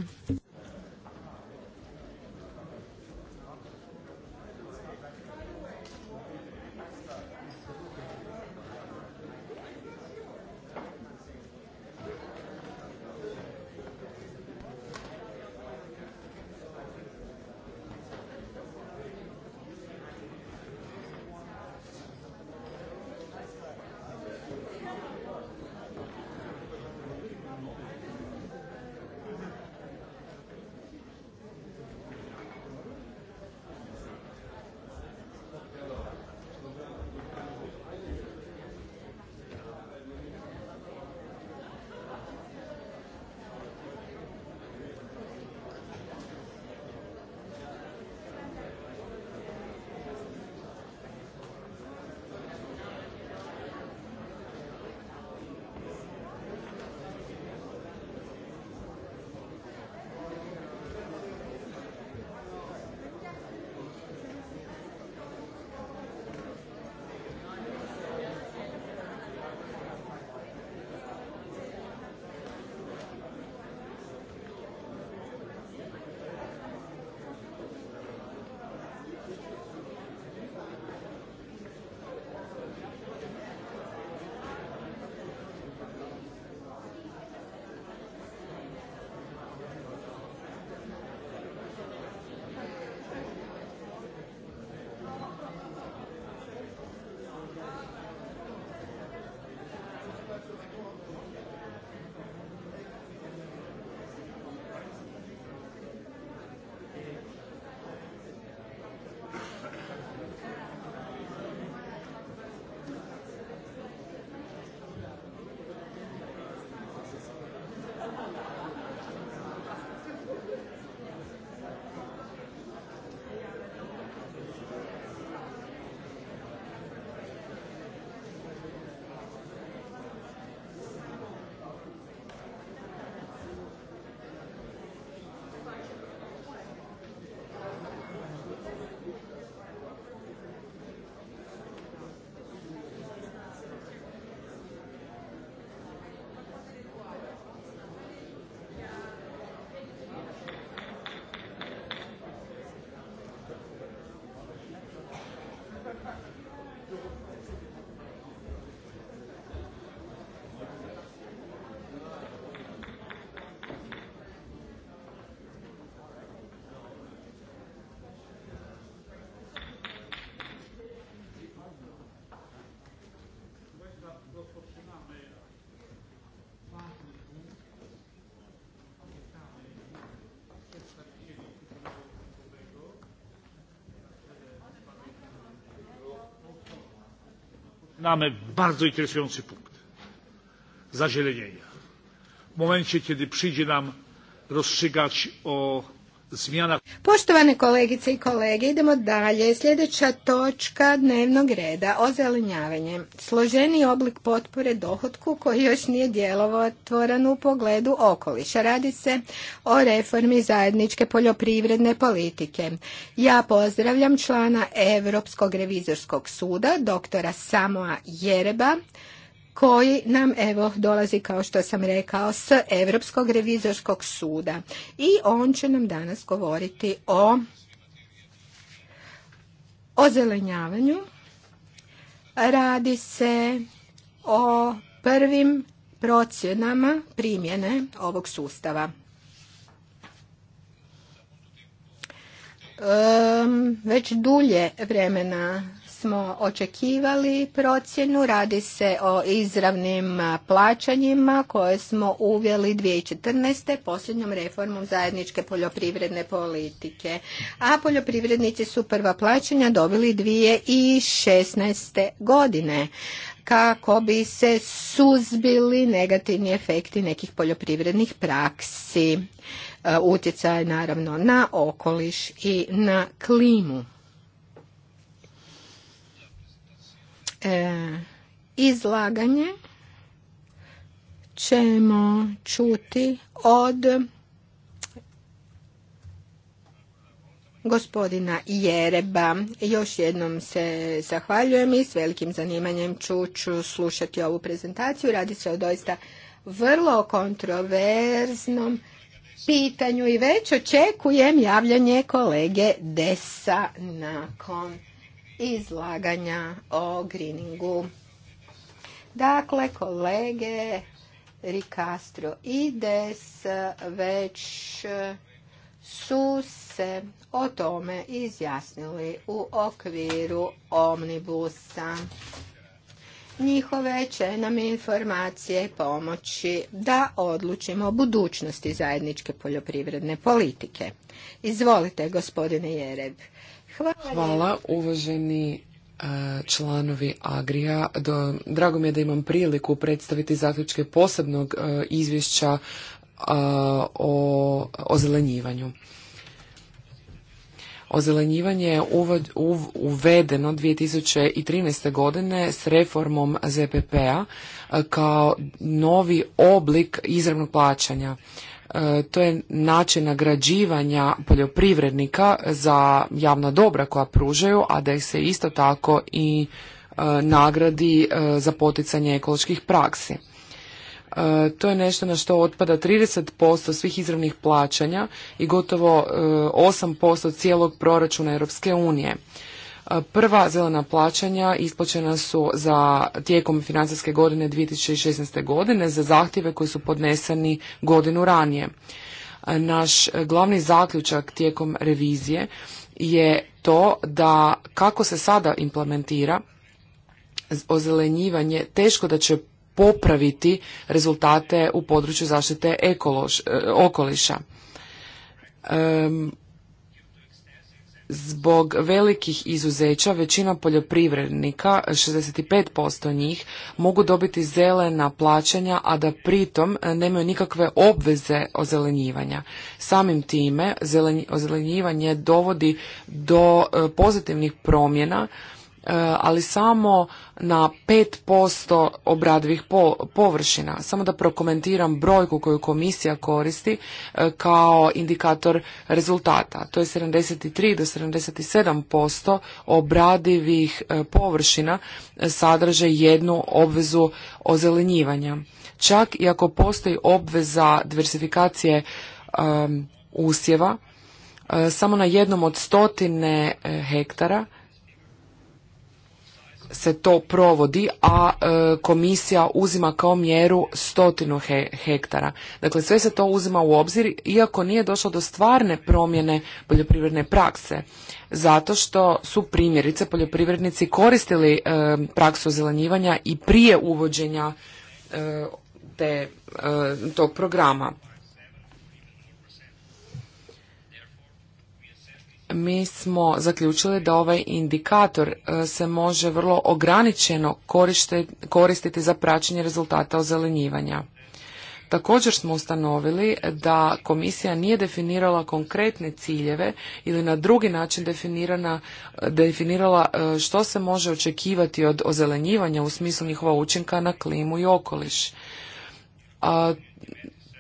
mamy bardzo interesujący punkt zazielenienia. W momencie, kiedy przyjdzie nam rozstrzygać o zmianach Poštovane kolegice i kolege, idemo dalje. Sljedeća točka dnevnog reda, zelenjavanje. Složeni oblik potpore dohodku koji još nije djelovotvoran u pogledu okoliša. Radi se o reformi zajedničke poljoprivredne politike. Ja pozdravljam člana Europskog revizorskog suda, doktora Samoa Jereba, koji nam evo dolazi kao što sam rekao s Europskog revizorskog suda i on će nam danas govoriti o ozelenjavanju. Radi se o prvim procjenama primjene ovog sustava. već dulje vremena smo očekivali procjenu. Radi se o izravnim plaćanjima koje smo uveli 2014. posljednjom reformom zajedničke poljoprivredne politike. A poljoprivrednici su prva plaćanja dobili 2016. godine kako bi se suzbili negativni efekti nekih poljoprivrednih praksi, e, utjecaj naravno na okoliš i na klimu. E, izlaganje ćemo čuti od gospodina Jereba. Još jednom se zahvaljujem i s velikim zanimanjem ću, slušati ovu prezentaciju. Radi se o doista vrlo kontroverznom pitanju i već očekujem javljanje kolege Desa nakon izlaganja o greeningu. Dakle, kolege Ricastro i Des već su se o tome izjasnili u okviru Omnibusa. Njihove će nam informacije pomoći da odlučimo o budućnosti zajedničke poljoprivredne politike. Izvolite, gospodine Jereb. Hvala uvaženi e, članovi Agrija. Drago mi je da imam priliku predstaviti zaključke posebnog e, izvješća e, o ozelenjivanju. Ozelenjivanje je uvedeno 2013. godine s reformom ZPP-a kao novi oblik izravnog plaćanja. E, to je način nagrađivanja poljoprivrednika za javna dobra koja pružaju, a da ih se isto tako i e, nagradi e, za poticanje ekoloških praksi. To je nešto na što otpada 30% svih izravnih plaćanja i gotovo 8% cijelog proračuna Europske unije. Prva zelena plaćanja isplaćena su za tijekom financijske godine 2016. godine za zahtjeve koji su podneseni godinu ranije. Naš glavni zaključak tijekom revizije je to da kako se sada implementira ozelenjivanje teško da će popraviti rezultate u području zaštite e, okoliša. Zbog velikih izuzeća većina poljoprivrednika, 65% njih, mogu dobiti zelena plaćanja, a da pritom e, nemaju nikakve obveze ozelenjivanja. Samim time ozelenjivanje dovodi do e, pozitivnih promjena E, ali samo na 5% obradivih površina. Samo da prokomentiram brojku koju komisija koristi e, kao indikator rezultata. To je 73 do 77% obradivih e, površina sadrže jednu obvezu ozelenjivanja. Čak i ako postoji obveza diversifikacije usjeva, samo na jednom od stotine hektara se to provodi, a e, komisija uzima kao mjeru stotinu hektara. Dakle, sve se to uzima u obzir, iako nije došlo do stvarne promjene poljoprivredne prakse, zato što su primjerice poljoprivrednici koristili e, praksu zelenjivanja i prije uvođenja e, te, tog programa. mi smo zaključili da ovaj indikator e, se može vrlo ograničeno koristiti za praćenje rezultata ozelenjivanja. Također smo ustanovili da komisija nije definirala konkretne ciljeve ili na drugi način definirana, e, definirala e, što se može očekivati od ozelenjivanja u smislu njihova učinka na klimu i okoliš.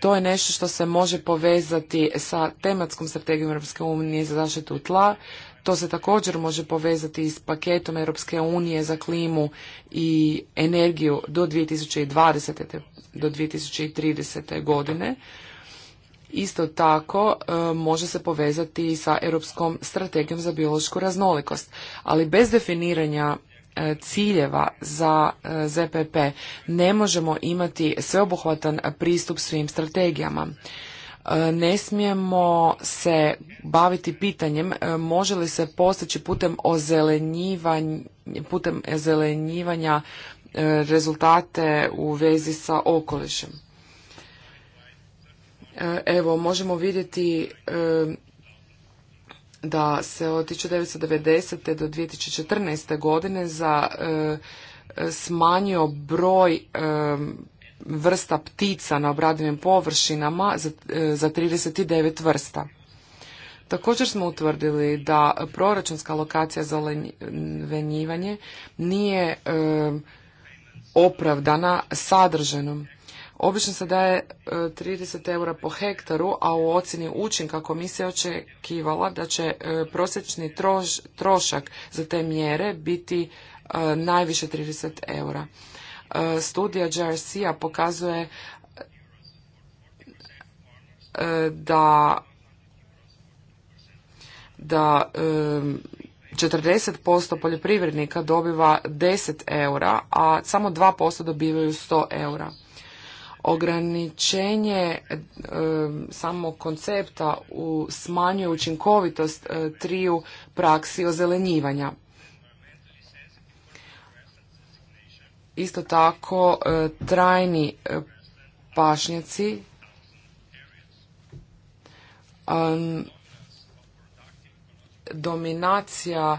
To je nešto što se može povezati sa tematskom strategijom Europske unije za zaštitu tla. To se također može povezati s paketom Europske unije za klimu i energiju do 2020. do 2030. godine. Isto tako e, može se povezati i sa Europskom strategijom za biološku raznolikost. Ali bez definiranja E, ciljeva za e, ZPP ne možemo imati sveobuhvatan pristup svim strategijama. E, ne smijemo se baviti pitanjem može li se postići putem ozelenjivanja, putem ozelenjivanja rezultate u vezi sa okolišem. Evo, možemo vidjeti da se od 1990. do 2014. godine za e, e smanjio broj e, vrsta ptica na obradivim površinama za, e, za 39 vrsta. Također smo utvrdili da proračunska lokacija za venjivanje nije e, opravdana sadržanom. Obično se daje 30 e, eura po hektaru, a u ocjeni učinka komisija očekivala da će e, prosječni trošak za te mjere biti e, najviše 30 eura. Studija GRC-a pokazuje da da 40% poljoprivrednika dobiva 10 eura, a samo 2% dobivaju 100 eura ograničenje samog koncepta u smanjuje učinkovitost e, triju praksi ozelenjivanja. Isto tako e, trajni e, pašnjaci dominacija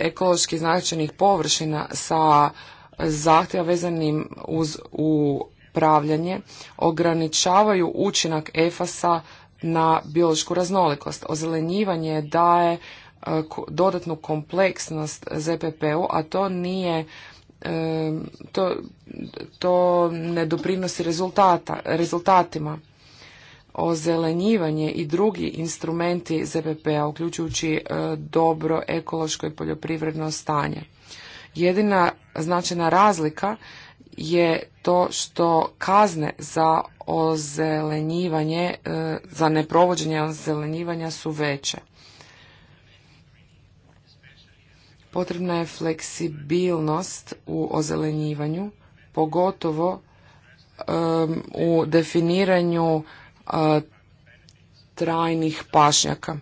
ekološki značajnih površina sa zahtjeva vezanim uz u upravljanje ograničavaju učinak EFAS-a na biološku raznolikost. Ozelenjivanje daje e, dodatnu kompleksnost ZPP-u, a to nije e, to, ne doprinosi rezultata, rezultatima. Ozelenjivanje i drugi instrumenti ZPP-a, uključujući e, dobro ekološko i poljoprivredno stanje. Jedina značajna razlika je to što kazne za ozelenjivanje, e, za neprovođenje ozelenjivanja su veće. Potrebna je fleksibilnost u ozelenjivanju, pogotovo u definiranju e, trajnih pašnjaka.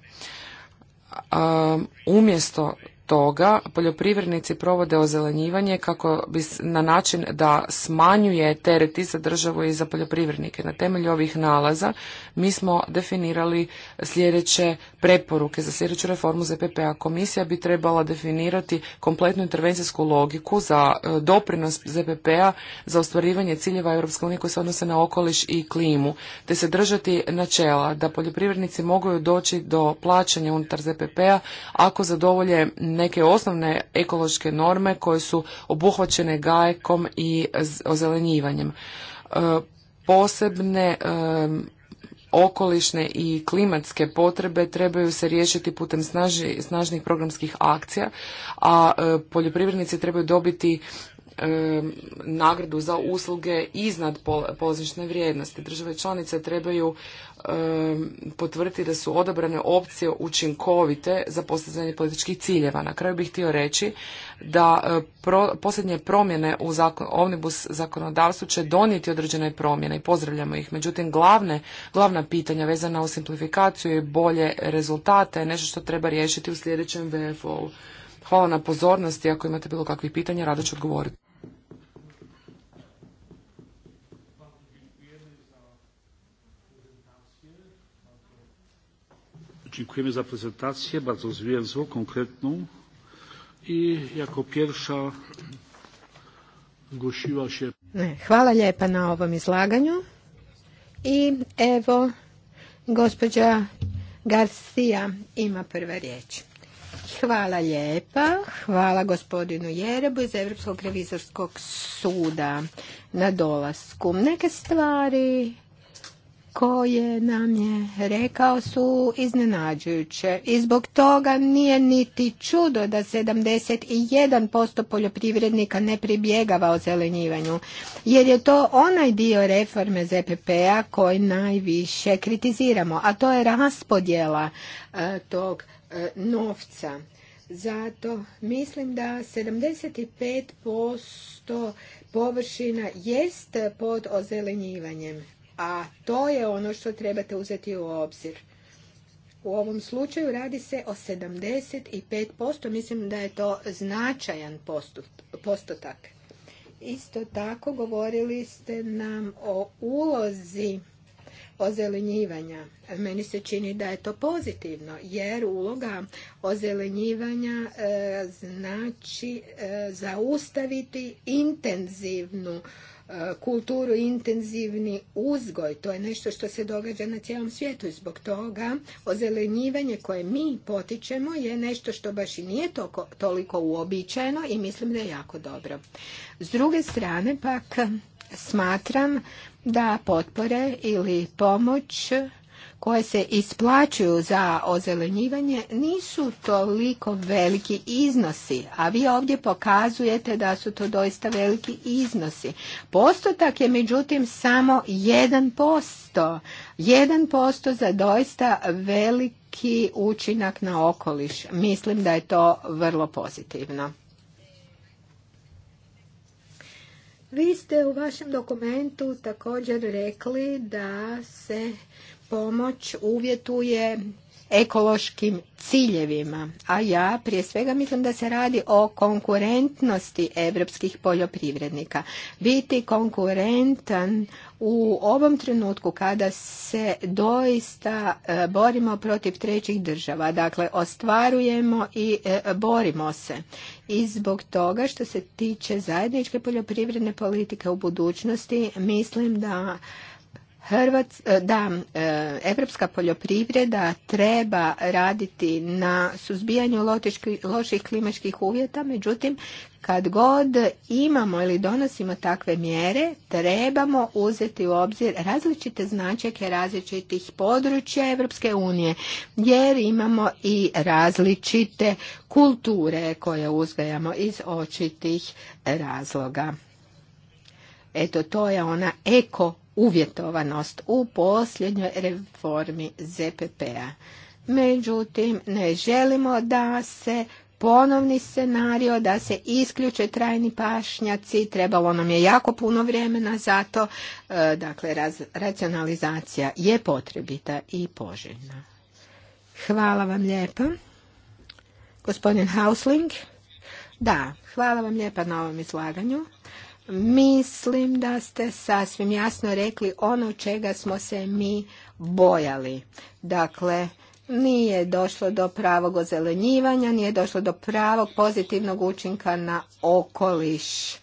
umjesto toga poljoprivrednici provode ozelenjivanje kako bi na način da smanjuje teret i za državu i za poljoprivrednike. Na temelju ovih nalaza mi smo definirali sljedeće preporuke za sljedeću reformu ZPP-a. Komisija bi trebala definirati kompletnu intervencijsku logiku za e, doprinos ZPP-a za ostvarivanje ciljeva EU koja se odnose na okoliš i klimu, te se držati načela da poljoprivrednici mogu doći do plaćanja unutar ZPP-a ako zadovolje ne neke osnovne ekološke norme koje su obuhvaćene gajkom i ozelenjivanjem. E, posebne e, okolišne i klimatske potrebe trebaju se riješiti putem snažnih programskih akcija, a e, poljoprivrednici trebaju dobiti nagradu za usluge iznad pozične vrijednosti. Države članice trebaju potvrditi da su odabrane opcije učinkovite za postizanje političkih ciljeva. Na kraju bih htio reći da eh, posljednje promjene u zakon, omnibus zakonodavstvu će donijeti određene promjene i pozdravljamo ih. Međutim, glavne, glavna pitanja vezana u simplifikaciju i bolje rezultate nešto što treba riješiti u sljedećem VFO-u. Hvala na pozornosti. Ako imate bilo kakvih pitanja, rado ću odgovoriti. Dziękujemy za prezentację, bardzo zwięzłą, konkretną. I jako pierwsza zgłosiła się... E, hvala lijepa na ovom izlaganju. I evo, gospođa Garcia ima prva riječ. Hvala lijepa. Hvala gospodinu Jerebu iz Europskog revizorskog suda na dolasku. Neke stvari koje nam je rekao su iznenađujuće. I zbog toga nije niti čudo da 71% poljoprivrednika ne pribjegava zelenjivanju. jer je to onaj dio reforme ZPP-a koji najviše kritiziramo, a to je raspodjela e, tog e, novca. Zato mislim da 75% površina jest pod ozelenjivanjem a to je ono što trebate uzeti u obzir. U ovom slučaju radi se o 75%, mislim da je to značajan postotak. Isto tako govorili ste nam o ulozi ozelenjivanja. Meni se čini da je to pozitivno, jer uloga ozelenjivanja e, znači e, zaustaviti intenzivnu E, kulturu intenzivni uzgoj. To je nešto što se događa na cijelom svijetu i zbog toga ozelenjivanje koje mi potičemo je nešto što baš i nije toliko uobičajeno i mislim da je jako dobro. S druge strane pak smatram da potpore ili pomoć koje se isplaćuju za ozelenjivanje nisu toliko veliki iznosi, a vi ovdje pokazujete da su to doista veliki iznosi. Postotak je međutim samo 1%. 1% za doista veliki učinak na okoliš. Mislim da je to vrlo pozitivno. Vi ste u vašem dokumentu također rekli da se pomoć uvjetuje ekološkim ciljevima, a ja prije svega mislim da se radi o konkurentnosti europskih poljoprivrednika. Biti konkurentan u ovom trenutku kada se doista e, borimo protiv trećih država, dakle ostvarujemo i e, borimo se. I zbog toga što se tiče zajedničke poljoprivredne politike u budućnosti, mislim da Hrvats, e, da, e, evropska poljoprivreda treba raditi na suzbijanju loših klimačkih uvjeta, međutim, kad god imamo ili donosimo takve mjere, trebamo uzeti u obzir različite značajke različitih područja Evropske unije, jer imamo i različite kulture koje uzgajamo iz očitih razloga. Eto, to je ona eko uvjetovanost u posljednjoj reformi ZPP-a. Međutim, ne želimo da se ponovni scenario da se isključe trajni pašnjaci, trebalo nam je jako puno vremena za to, e, dakle racionalizacija je potrebita i poželjna. Hvala vam lijepa. Gospodin Hausling, da, hvala vam lijepa na ovom izlaganju. Mislim da ste sasvim jasno rekli ono čega smo se mi bojali. Dakle, nije došlo do pravog ozelenjivanja, nije došlo do pravog pozitivnog učinka na okoliš.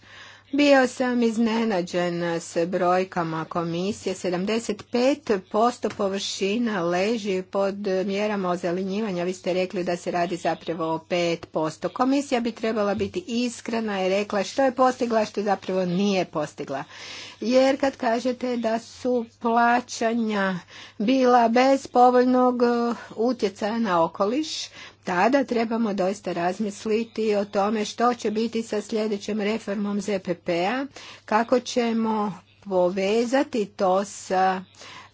Bio sam iznenađen s brojkama komisije. 75% površina leži pod mjerama ozelenjivanja. Vi ste rekli da se radi zapravo o 5%. Komisija bi trebala biti iskrena i rekla što je postigla, što zapravo nije postigla. Jer kad kažete da su plaćanja bila bez povoljnog eh, utjecaja na okoliš, tada trebamo doista razmisliti o tome što će biti sa sljedećom reformom ZPP-a, kako ćemo povezati to sa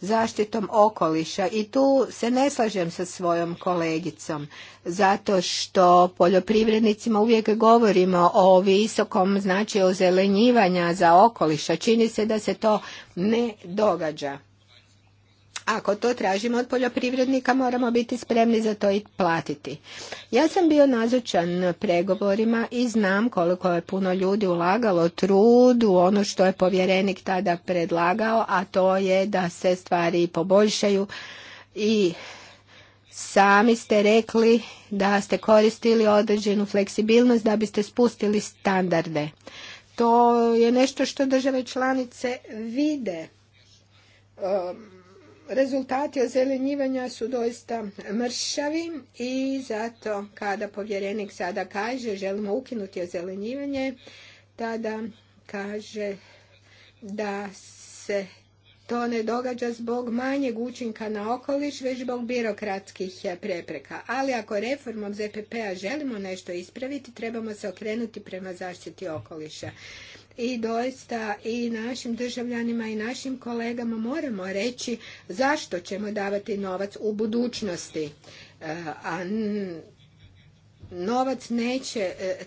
zaštitom okoliša i tu se ne slažem sa svojom kolegicom zato što poljoprivrednicima uvijek govorimo o visokom značaju ozelenjivanja za okoliša čini se da se to ne događa ako to tražimo od poljoprivrednika, moramo biti spremni za to i platiti. Ja sam bio nazočan pregovorima i znam koliko je puno ljudi ulagalo trud u ono što je povjerenik tada predlagao, a to je da se stvari poboljšaju i sami ste rekli da ste koristili određenu fleksibilnost da biste spustili standarde. To je nešto što države članice vide. Um, rezultati ozelenjivanja su doista mršavi i zato kada povjerenik sada kaže želimo ukinuti ozelenjivanje, tada kaže da se to ne događa zbog manjeg učinka na okoliš, već zbog birokratskih prepreka. Ali ako reformom ZPP-a želimo nešto ispraviti, trebamo se okrenuti prema zaštiti okoliša i doista i našim državljanima i našim kolegama moramo reći zašto ćemo davati novac u budućnosti. E, a novac neće e,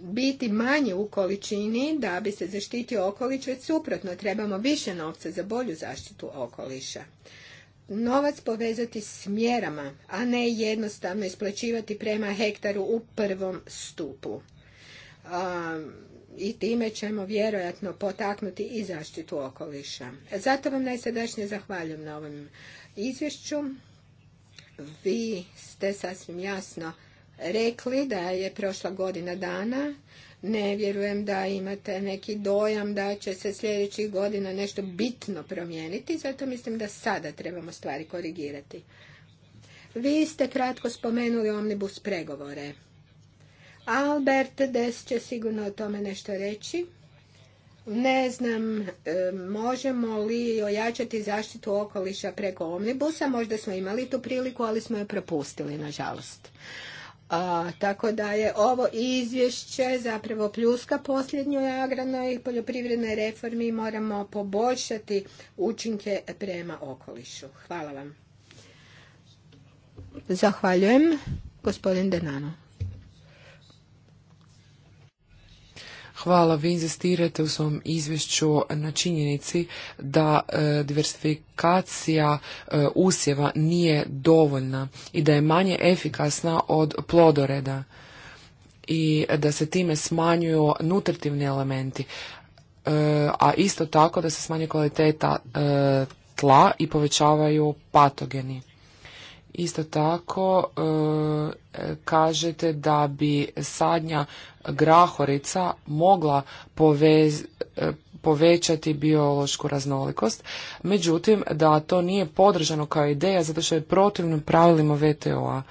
biti manje u količini da bi se zaštitio okoliš, već suprotno trebamo više novca za bolju zaštitu okoliša. Novac povezati s mjerama, a ne jednostavno isplaćivati prema hektaru u prvom stupu i time ćemo vjerojatno potaknuti i zaštitu okoliša. Zato vam najsrdačnije zahvaljujem na ovom izvješću. Vi ste sasvim jasno rekli da je prošla godina dana. Ne vjerujem da imate neki dojam da će se sljedećih godina nešto bitno promijeniti, zato mislim da sada trebamo stvari korigirati. Vi ste kratko spomenuli omnibus pregovore. Albert Des će sigurno o tome nešto reći. Ne znam, e, možemo li ojačati zaštitu okoliša preko omnibusa, možda smo imali tu priliku, ali smo je propustili, nažalost. A, tako da je ovo izvješće zapravo pljuska posljednjoj agranoj i poljoprivrednoj reformi i moramo poboljšati učinke prema okolišu. Hvala vam. Zahvaljujem, gospodin Denano. Hvala, vi inzistirate u svom izvješću na činjenici da e, diversifikacija e, usjeva nije dovoljna i da je manje efikasna od plodoreda i da se time smanjuju nutritivni elementi, e, a isto tako da se smanjuje kvaliteta tla i povećavaju patogeni. Isto tako e, kažete da bi sadnja grahorica mogla e, povećati biološku raznolikost. Međutim, da to nije podržano kao ideja zato što je protivno pravilima VTO-a.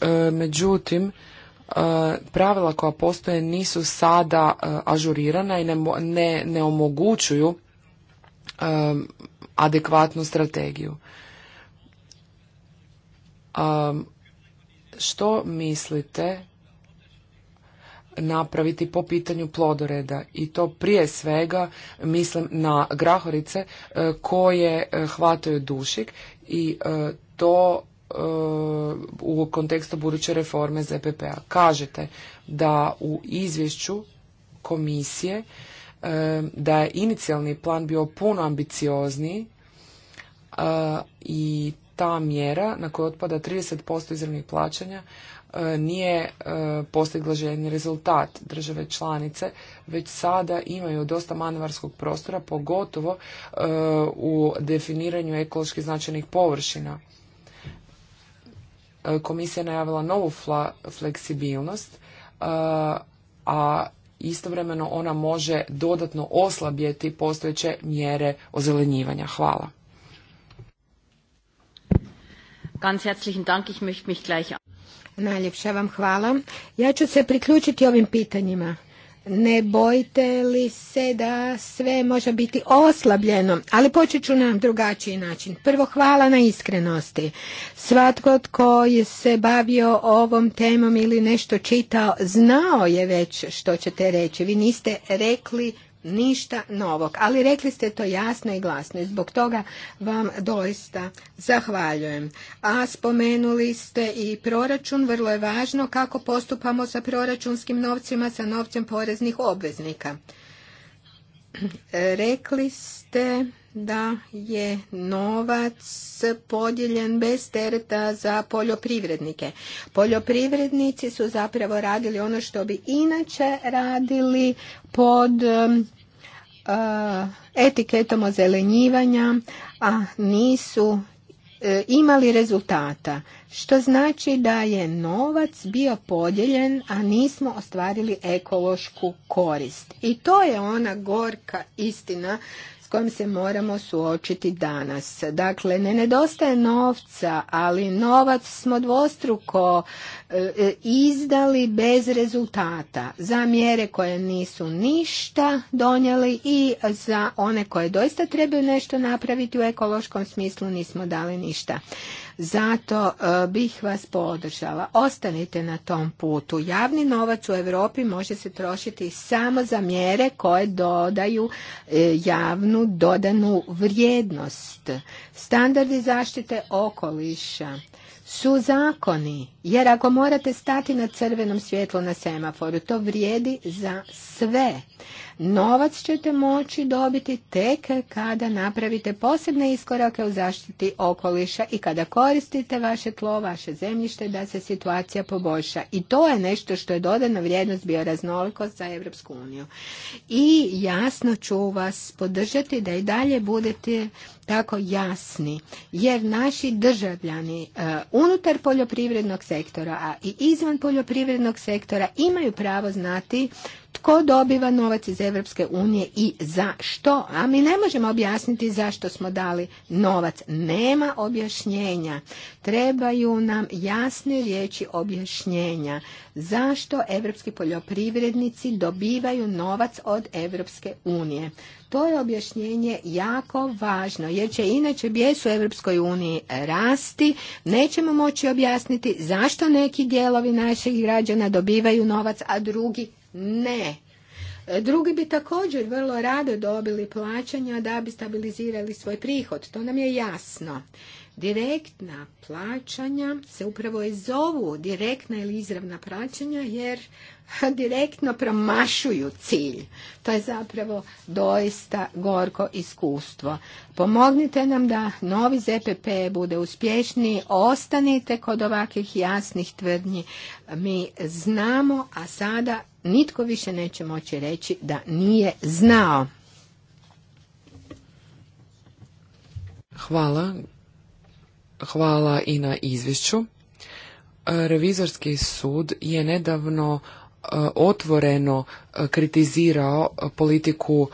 E, međutim, pravila koja postoje nisu sada ažurirana i ne, ne omogućuju adekvatnu strategiju. Um, što mislite napraviti po pitanju plodoreda i to prije svega mislim na grahorice e, koje e, hvataju dušik i e, to u kontekstu buduće reforme ZPPA. Kažete da u izvješću komisije da je inicijalni plan bio puno ambiciozniji i ta mjera na koju otpada 30% izravnih plaćanja e, nije e, postigla željeni rezultat države članice, već sada imaju dosta manevarskog prostora, pogotovo e, u definiranju ekološki značajnih površina. Komisija je najavila novu fleksibilnost, a istovremeno ona može dodatno oslabjeti postojeće mjere ozelenjivanja. Hvala. Ganz herzlichen Dank, ich möchte mich gleich Najljepša vam hvala. Ja ću se priključiti ovim pitanjima. Ne bojte li se da sve može biti oslabljeno, ali počet ću na drugačiji način. Prvo hvala na iskrenosti. Svatko tko je se bavio ovom temom ili nešto čitao, znao je već što ćete reći. Vi niste rekli ništa novog, ali rekli ste to jasno i glasno i zbog toga vam doista zahvaljujem. A spomenuli ste i proračun, vrlo je važno kako postupamo sa proračunskim novcima, sa novcem poreznih obveznika. Rekli ste da je novac podijeljen bez tereta za poljoprivrednike. Poljoprivrednici su zapravo radili ono što bi inače radili pod um, uh, etiketom ozelenjivanja, a nisu E, imali rezultata, što znači da je novac bio podijeljen, a nismo ostvarili ekološku korist. I to je ona gorka istina kojim se moramo suočiti danas. Dakle, ne nedostaje novca, ali novac smo dvostruko e, izdali bez rezultata za mjere koje nisu ništa donijeli i za one koje doista trebaju nešto napraviti u ekološkom smislu nismo dali ništa. Zato e, bih vas podržala. Ostanite na tom putu. Javni novac u Europi može se trošiti samo za mjere koje dodaju e, javnu dodanu vrijednost. Standardi zaštite okoliša su zakoni, jer ako morate stati na crvenom svjetlu na semaforu, to vrijedi za sve. Novac ćete moći dobiti tek kada napravite posebne iskorake u zaštiti okoliša i kada koristite vaše tlo, vaše zemljište da se situacija poboljša. I to je nešto što je dodana vrijednost bioraznolikost za Europsku uniju. I jasno ću vas podržati da i dalje budete tako jasni, jer naši državljani e, unutar poljoprivrednog sektora, a i izvan poljoprivrednog sektora imaju pravo znati tko dobiva novac iz Europske unije i za što. A mi ne možemo objasniti zašto smo dali novac. Nema objašnjenja. Trebaju nam jasne riječi objašnjenja. Zašto evropski poljoprivrednici dobivaju novac od Europske unije. To je objašnjenje jako važno, jer će inače bijes u Evropskoj uniji rasti, nećemo moći objasniti zašto neki dijelovi naših građana dobivaju novac, a drugi ne. Drugi bi također vrlo rado dobili plaćanja da bi stabilizirali svoj prihod. To nam je jasno. Direktna plaćanja se upravo i zovu direktna ili izravna plaćanja jer (laughs) direktno promašuju cilj. To je zapravo doista gorko iskustvo. Pomognite nam da novi ZPP bude uspješniji, ostanite kod ovakvih jasnih tvrdnji. Mi znamo, a sada nitko više neće moći reći da nije znao. Hvala hvala i na izvješću. E, revizorski sud je nedavno e, otvoreno e, kritizirao politiku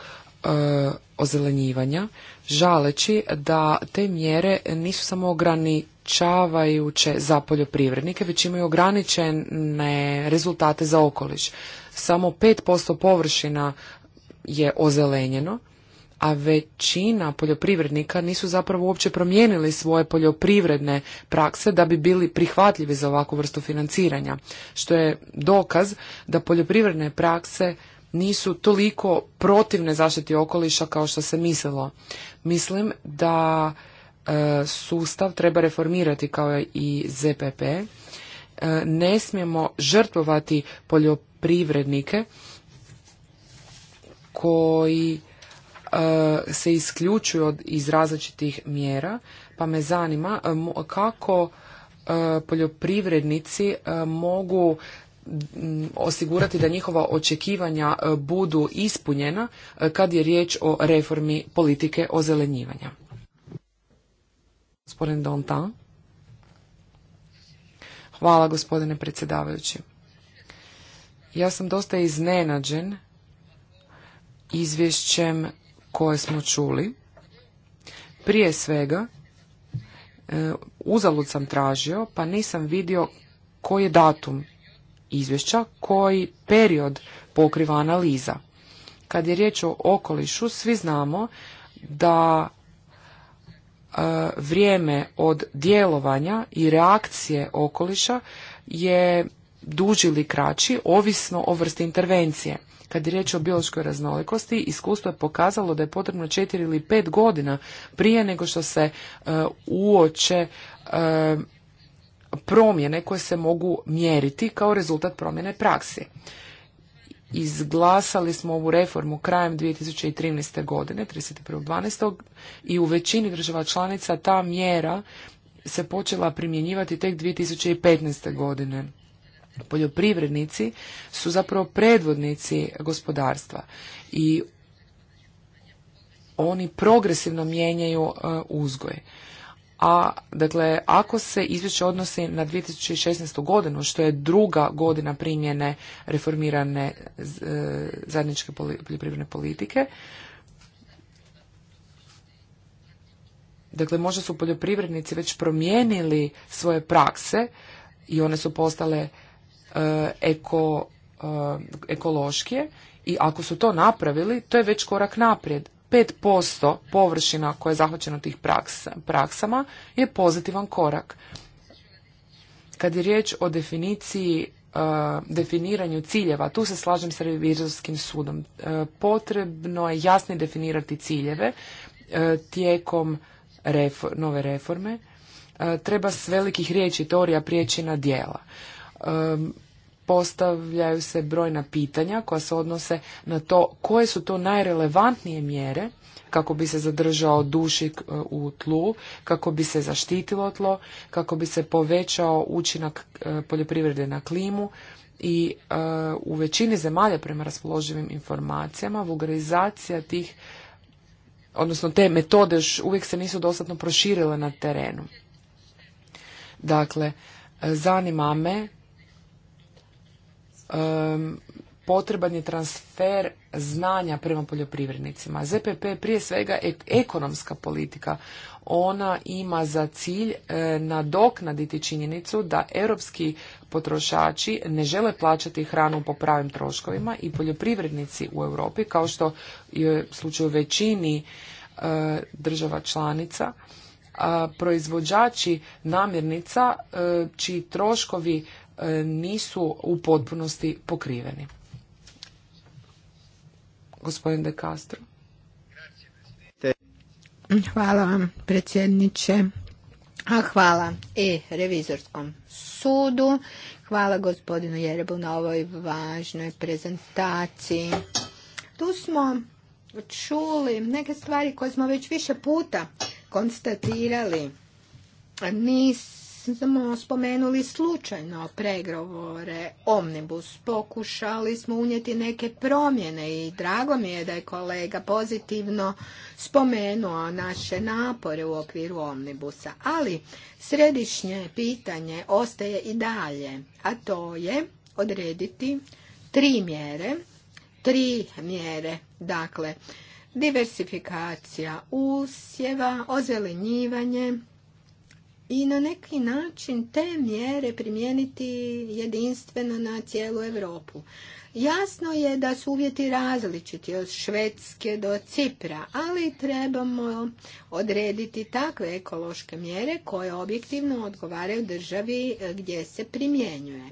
ozelenjivanja, žaleći da te mjere nisu samo ograničavajuće za poljoprivrednike, već imaju ograničene rezultate za okoliš. Samo 5% površina je ozelenjeno, a većina poljoprivrednika nisu zapravo uopće promijenili svoje poljoprivredne prakse da bi bili prihvatljivi za ovakvu vrstu financiranja, što je dokaz da poljoprivredne prakse nisu toliko protivne zaštiti okoliša kao što se mislilo. Mislim da e, sustav treba reformirati kao i ZPP. E, ne smijemo žrtvovati poljoprivrednike koji E, se isključuju iz različitih mjera, pa me zanima e, kako e, poljoprivrednici mogu osigurati da njihova očekivanja budu ispunjena kad je riječ o reformi politike ozelenjivanja. Gospodin Dontan. Hvala gospodine predsjedavajući. Ja sam dosta iznenađen izvješćem koje smo čuli, prije svega, e, uzalud sam tražio, pa nisam vidio koji je datum izvješća, koji period pokriva analiza. Kad je riječ o okolišu, svi znamo da e, vrijeme od djelovanja i reakcije okoliša je duži ili kraći, ovisno o vrsti intervencije. Kad je riječ o biološkoj raznolikosti, iskustvo je pokazalo da je potrebno četiri ili pet godina prije nego što se e, uoče e, promjene koje se mogu mjeriti kao rezultat promjene praksi. Izglasali smo ovu reformu krajem 2013. godine, 31.12. i u većini država članica ta mjera se počela primjenjivati tek 2015. godine. Poljoprivrednici su zapravo predvodnici gospodarstva i oni progresivno mijenjaju e, uzgoj. A, dakle, ako se izvješće odnosi na 2016. godinu, što je druga godina primjene reformirane e, zajedničke poljoprivredne politike, Dakle, možda su poljoprivrednici već promijenili svoje prakse i one su postale E, e, ekološkije i ako su to napravili, to je već korak naprijed. 5% površina koje je zahvaćeno tih praksama je pozitivan korak. Kad je riječ o definiciji e, definiranju ciljeva, tu se slažem s revizorskim sudom. Potrebno je jasno definirati ciljeve tijekom nove reforme. Treba s velikih riječi teorija prijeći na dijela postavljaju se brojna pitanja koja se odnose na to koje su to najrelevantnije mjere kako bi se zadržao dušik e, u tlu, kako bi se zaštitilo tlo, kako bi se povećao učinak e, poljoprivrede na klimu i e, u većini zemalja prema raspoloživim informacijama vulgarizacija tih odnosno te metode još uvijek se nisu dostatno proširile na terenu. Dakle, zanima me potreban je transfer znanja prema poljoprivrednicima. ZPP je prije svega ekonomska politika. Ona ima za cilj e, nadoknaditi činjenicu da europski potrošači ne žele plaćati hranu po pravim troškovima i poljoprivrednici u Europi, kao što je slučaj u većini e, država članica, proizvođači namirnica e, čiji troškovi E, nisu u potpunosti pokriveni. Gospodin De Castro. Hvala vam, predsjedniče. A hvala i revizorskom sudu. Hvala gospodinu Jerebu na ovoj važnoj prezentaciji. Tu smo čuli neke stvari koje smo već više puta konstatirali. nisu smo spomenuli slučajno pregovore Omnibus. Pokušali smo unijeti neke promjene i drago mi je da je kolega pozitivno spomenuo naše napore u okviru Omnibusa. Ali središnje pitanje ostaje i dalje, a to je odrediti tri mjere, tri mjere, dakle diversifikacija usjeva, ozelenjivanje, i na neki način te mjere primijeniti jedinstveno na cijelu Europu. Jasno je da su uvjeti različiti od Švedske do Cipra, ali trebamo odrediti takve ekološke mjere koje objektivno odgovaraju državi gdje se primjenjuje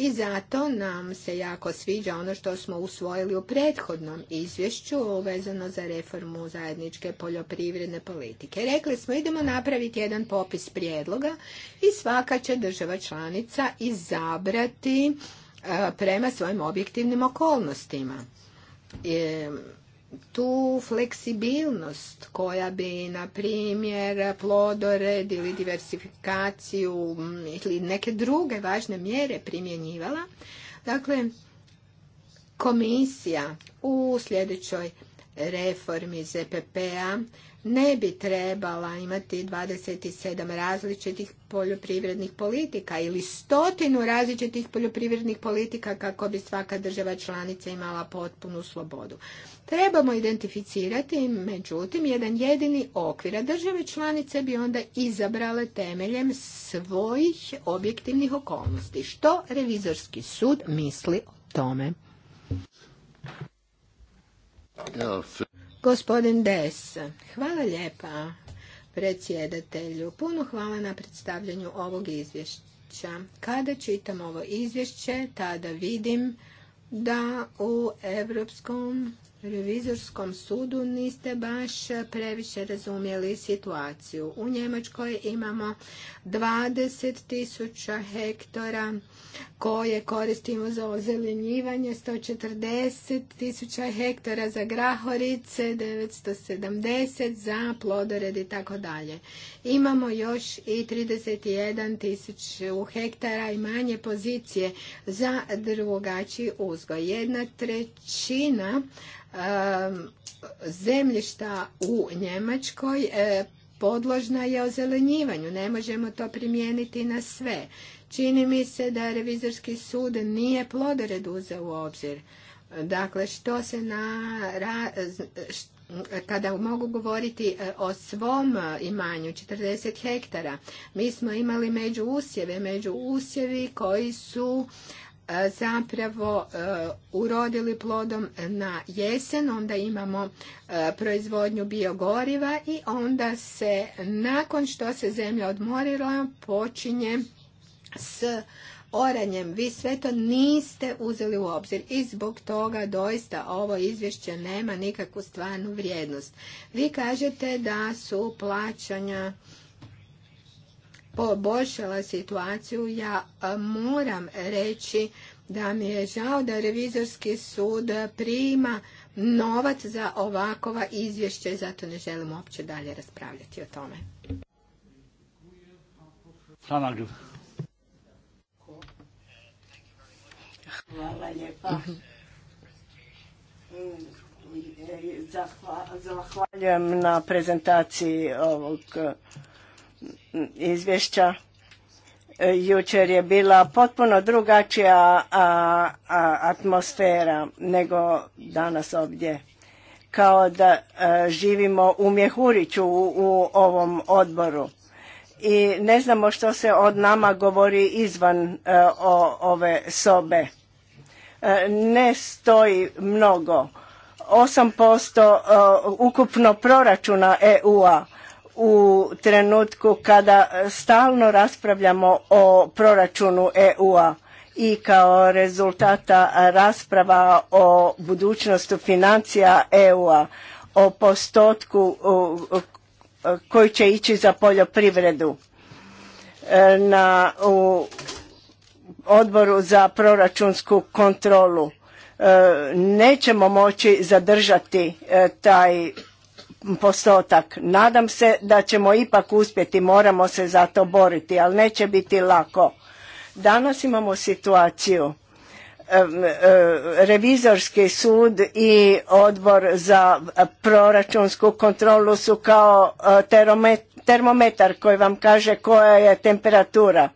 i zato nam se jako sviđa ono što smo usvojili u prethodnom izvješću vezano za reformu zajedničke poljoprivredne politike. Rekli smo idemo napraviti jedan popis prijedloga i svaka će država članica izabrati e, prema svojim objektivnim okolnostima. E, tu fleksibilnost koja bi, na primjer, plodored ili diversifikaciju mm, ili neke druge važne mjere primjenjivala. Dakle, komisija u sljedećoj reformi ZPP-a ne bi trebala imati 27 različitih poljoprivrednih politika ili stotinu različitih poljoprivrednih politika kako bi svaka država članica imala potpunu slobodu. Trebamo identificirati, međutim, jedan jedini okvir, a države članice bi onda izabrale temeljem svojih objektivnih okolnosti. Što revizorski sud misli o tome? Gospodin Des, hvala lijepa predsjedatelju. Puno hvala na predstavljanju ovog izvješća. Kada čitam ovo izvješće, tada vidim da u Europskom revizorskom sudu niste baš previše razumjeli situaciju. U Njemačkoj imamo 20.000 tisuća hektara koje koristimo za ozelenjivanje, 140 tisuća hektara za grahorice, 970 za plodored i tako dalje. Imamo još i 31 tisuću hektara i manje pozicije za drugačiji uzgoj. Jedna trećina zemljišta u Njemačkoj eh, podložna je ozelenjivanju. Ne možemo to primijeniti na sve. Čini mi se da revizorski sud nije plodored uzeo u obzir. Dakle, što se na, kada mogu govoriti e, o svom e, imanju, 40 hektara, mi smo imali među usjeve, među usjevi koji su e, zapravo urodili plodom na jesen, onda imamo proizvodnju biogoriva i onda se nakon što se zemlja odmorila počinje s oranjem. Vi sve to niste uzeli u obzir i zbog toga doista ovo izvješće nema nikakvu stvarnu vrijednost. Vi kažete da su plaćanja poboljšala situaciju. Ja moram reći da mi je žao da revizorski sud prima novac za ovakova izvješća i zato ne želim uopće dalje raspravljati o tome. Hvala mhm. Zahvaljujem na prezentaciji ovog mm, izvješća. Jučer je bila potpuno drugačija atmosfera nego danas ovdje. Kao da e, živimo u Mjehuriću u ovom odboru i ne znamo što se od nama govori izvan e, ove sobe E, ne stoji mnogo. 8% e, ukupno proračuna EU-a u trenutku kada stalno raspravljamo o proračunu EU-a i kao rezultata rasprava o budućnosti financija EU-a, o postotku koji će ići za poljoprivredu e, na, u, odboru za proračunsku kontrolu e, nećemo moći zadržati e, taj postotak. Nadam se da ćemo ipak uspjeti, moramo se za to boriti, ali neće biti lako. Danas imamo situaciju e, revizorski sud i odbor za proračunsku kontrolu su kao termometar koji vam kaže koja je temperatura.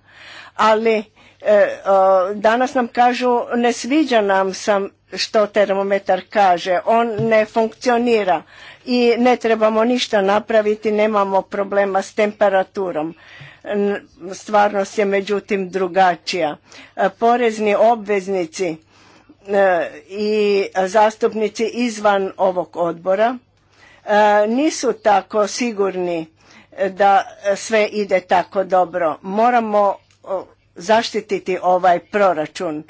Ali E, e, danas nam kažu ne sviđa nam sam što termometar kaže, on ne funkcionira i ne trebamo ništa napraviti, nemamo problema s temperaturom. Stvarnost je međutim drugačija. E, porezni obveznici i zastupnici izvan ovog odbora nisu tako sigurni da sve ide tako dobro. Moramo zaštititi ovaj proračun.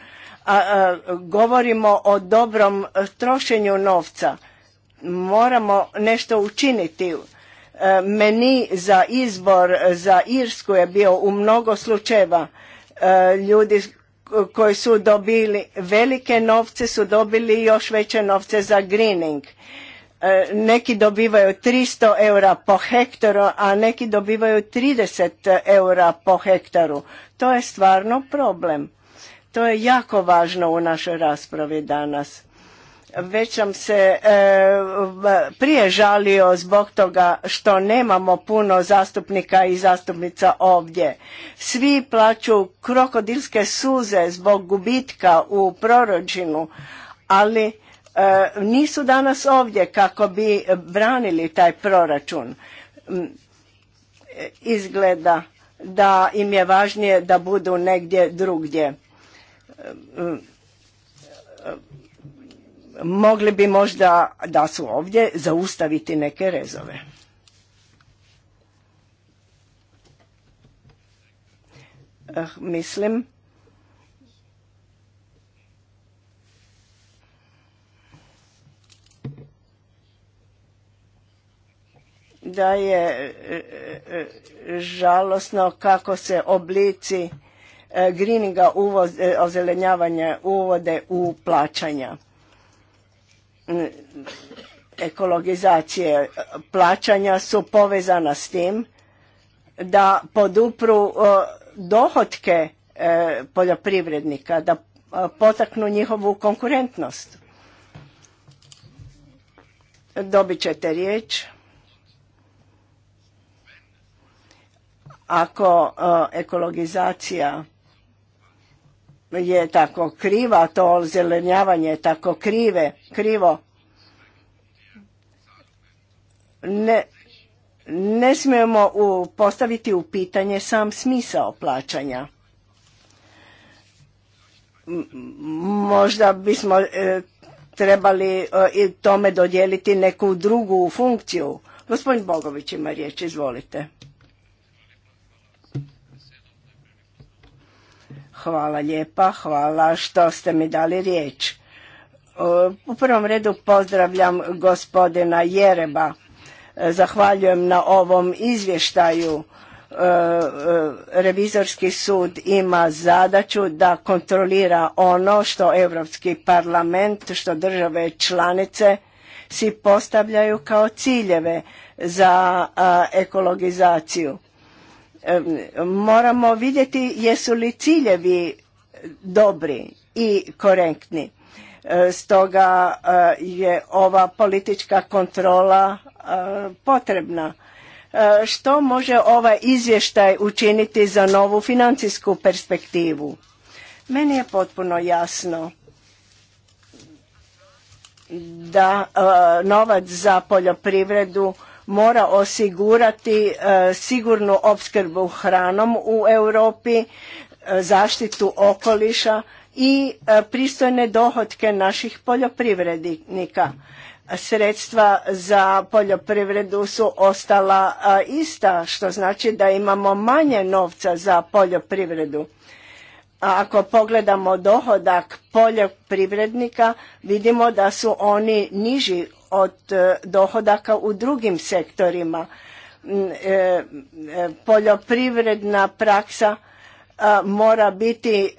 A, govorimo o dobrom trošenju novca. Moramo nešto učiniti. E, meni za izbor za Irsku je bio u mnogo slučajeva. E, ljudi koji su dobili velike novce su dobili još veće novce za greening. E, neki dobivaju 300 eura po hektaru, a neki dobivaju 30 eura po hektaru. To je stvarno problem. To je jako važno u našoj raspravi danas. Već sam se e, prije žalio zbog toga što nemamo puno zastupnika i zastupnica ovdje. Svi plaću krokodilske suze zbog gubitka u proračunu, ali E, nisu danas ovdje kako bi branili taj proračun. Mm, izgleda da im je važnije da budu negdje drugdje. E, mm, mogli bi možda da su ovdje zaustaviti neke rezove. Eh, mislim da je e, e, e, žalosno kako se oblici greeninga ozelenjavanja uvode u plaćanja mm, ekologizacije plaćanja su povezana s tim da podupru dohotke poljoprivrednika, da potaknu njihovu konkurentnost. Dobit ćete riječ. Ako e, ekologizacija je tako kriva, to ozelenjavanje je tako krive, krivo, ne, smijemo u, postaviti u pitanje sam smisao plaćanja. Možda bismo e, trebali e, tome dodijeliti neku drugu funkciju. Gospodin Bogović ima riječ, izvolite. Hvala lijepa, hvala što ste mi dali riječ. E, u prvom redu pozdravljam gospodina Jereba. E, zahvaljujem na ovom izvještaju. E, revizorski sud ima zadaću da kontrolira ono što Europski parlament, što države članice si postavljaju kao ciljeve za ekologizaciju moramo vidjeti jesu li ciljevi dobri i korektni. E, stoga e, je ova politička kontrola e, potrebna. Što može ovaj izvještaj učiniti za novu financijsku perspektivu? Meni je potpuno jasno da novac za poljoprivredu mora osigurati e, sigurnu opskrbu hranom u Europi, e, zaštitu okoliša i e, pristojne dohotke naših poljoprivrednika. Sredstva za poljoprivredu su ostala ista, što znači da imamo manje novca za poljoprivredu. A ako pogledamo dohodak poljoprivrednika, vidimo da su oni niži od e, dohodaka u drugim sektorima. Mm, e, e, poljoprivredna praksa mora biti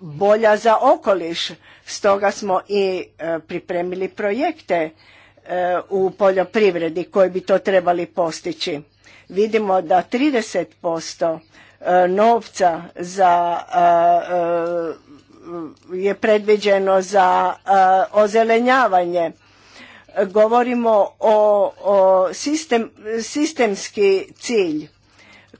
bolja za okoliš. Stoga smo i pripremili projekte u poljoprivredi koji bi to trebali postići. Vidimo da 30% novca za, je predviđeno za ozelenjavanje Govorimo o, sistemski cilj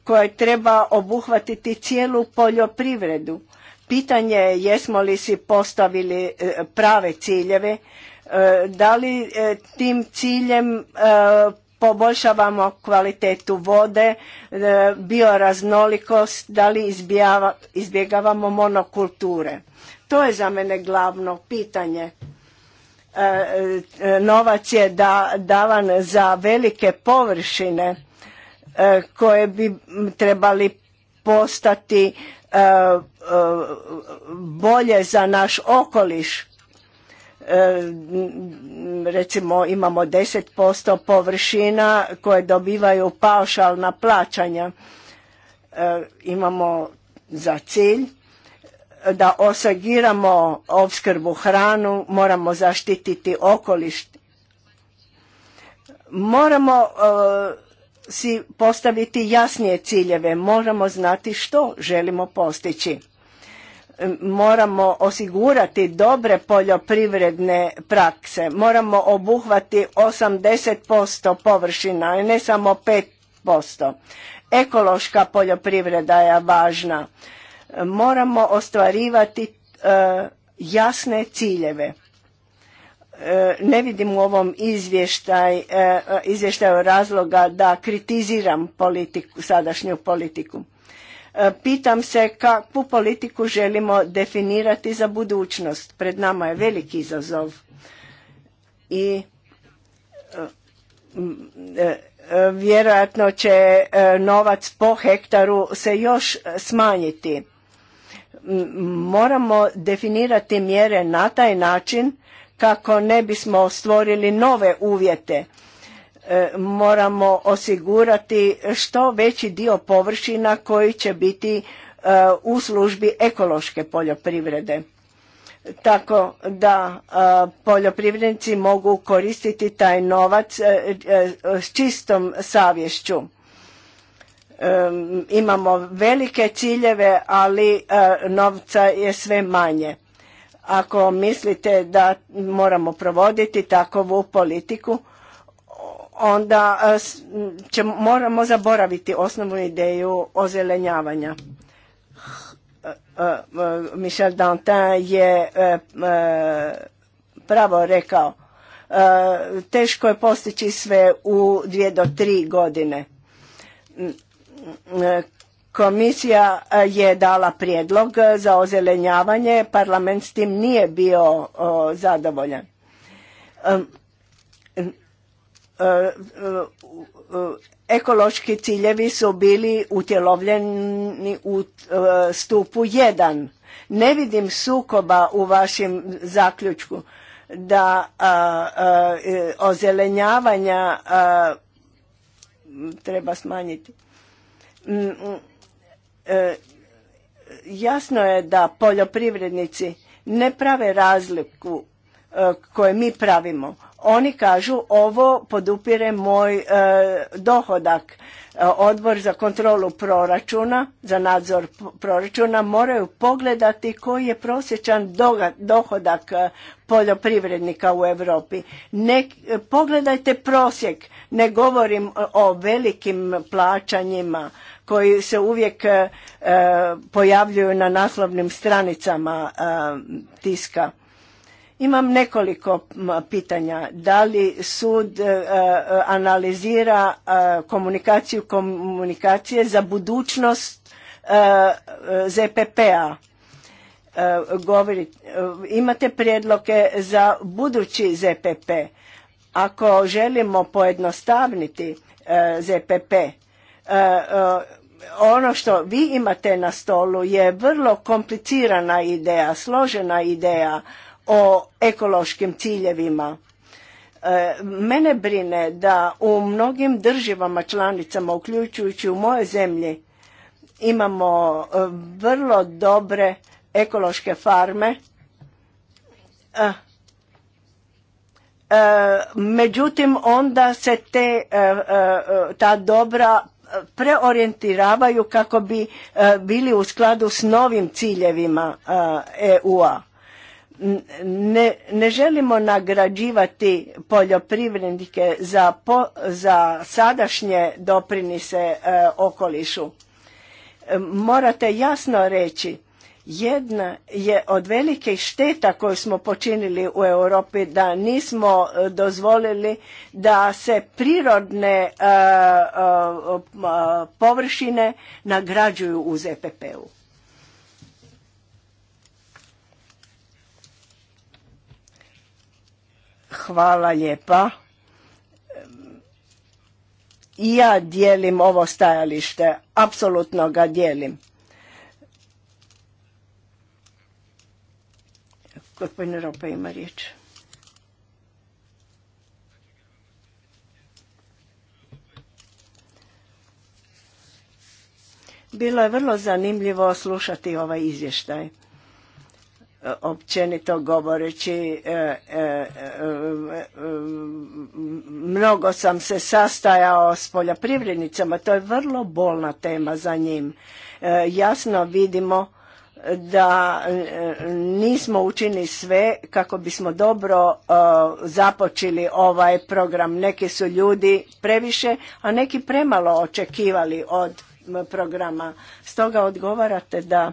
koji treba obuhvatiti cijelu poljoprivredu. Pitanje je jesmo li si postavili e, prave ciljeve, e, da li e, tim ciljem poboljšavamo kvalitetu vode, bioraznolikost, da li izbjegavamo monokulture. To je za mene glavno pitanje. E, e, novac je da, davan za velike površine e, koje bi trebali postati bolje za naš okoliš. Recimo imamo 10% površina koje dobivaju paušalna plaćanja. Imamo za cilj da osagiramo opskrbu hranu, moramo zaštititi okoliš. Moramo e, si postaviti jasnije ciljeve, moramo znati što želimo postići. E, moramo osigurati dobre poljoprivredne prakse, moramo obuhvati 80% površina, ne samo 5%. Ekološka poljoprivreda je važna Moramo ostvarivati e, jasne ciljeve. E, ne vidim u ovom izvještaj, e, izvještaju razloga da kritiziram politiku, sadašnju politiku. Pitam se kakvu politiku želimo definirati za budućnost. Pred nama je veliki izazov i vjerojatno će novac po hektaru se još smanjiti moramo definirati mjere na taj način kako ne bismo stvorili nove uvjete e, moramo osigurati što veći dio površina koji će biti e, u službi ekološke poljoprivrede tako da e, poljoprivrednici mogu koristiti taj novac s čistom savješću Imamo velike ciljeve, ali e, novca je sve manje. Ako mislite da moramo provoditi takovu politiku, onda e, će, moramo zaboraviti osnovnu ideju ozelenjavanja. E, Michel Dantin je pravo rekao, teško je postići sve u dvije do tri godine. Komisija e, je dala prijedlog e, za ozelenjavanje, parlament s tim nije bio zadovoljan. E, ekološki ciljevi su bili utjelovljeni u stupu 1. Ne vidim sukoba u vašem zaključku da ozelenjavanja treba smanjiti. Mm, mm, e, jasno je da poljoprivrednici ne prave razliku e, koje mi pravimo. Oni kažu ovo podupire moj e, dohodak. E, odbor za kontrolu proračuna, za nadzor proračuna moraju pogledati koji je prosječan dohodak e, poljoprivrednika u Europi. pogledajte prosjek, ne govorim o velikim plaćanjima koji se uvijek pojavljuju na naslovnim stranicama tiska imam nekoliko pitanja. Da li sud e, e, analizira e, komunikaciju komunikacije za budućnost ZPP-a? imate prijedloge za budući ZPP. Ako želimo pojednostavniti ZPP, ono što vi imate na stolu je vrlo komplicirana ideja, složena ideja o ekološkim ciljevima. E, mene brine da u mnogim državama članicama, uključujući u moje zemlji, imamo e, vrlo dobre ekološke farme. E, međutim, onda se te, ta dobra preorijentiravaju kako bi bili u skladu s novim ciljevima EU-a ne, ne želimo nagrađivati poljoprivrednike za, za sadašnje doprinise e, okolišu. E, morate jasno reći, jedna je od velikih šteta koju smo počinili u Europi da nismo e, dozvolili da se prirodne površine nagrađuju u ZPP-u. Hvala lijepa. I ja dijelim ovo stajalište, apsolutno ga dijelim. Gospodin Ropa ima riječ. Bilo je vrlo zanimljivo slušati ovaj izvještaj općenito govoreći e, e, e, mnogo sam se sastajao s poljoprivrednicama to je vrlo bolna tema za njim jasno vidimo da nismo učinili sve kako bismo dobro započeli ovaj program neki su ljudi previše a neki premalo očekivali od programa stoga odgovarate da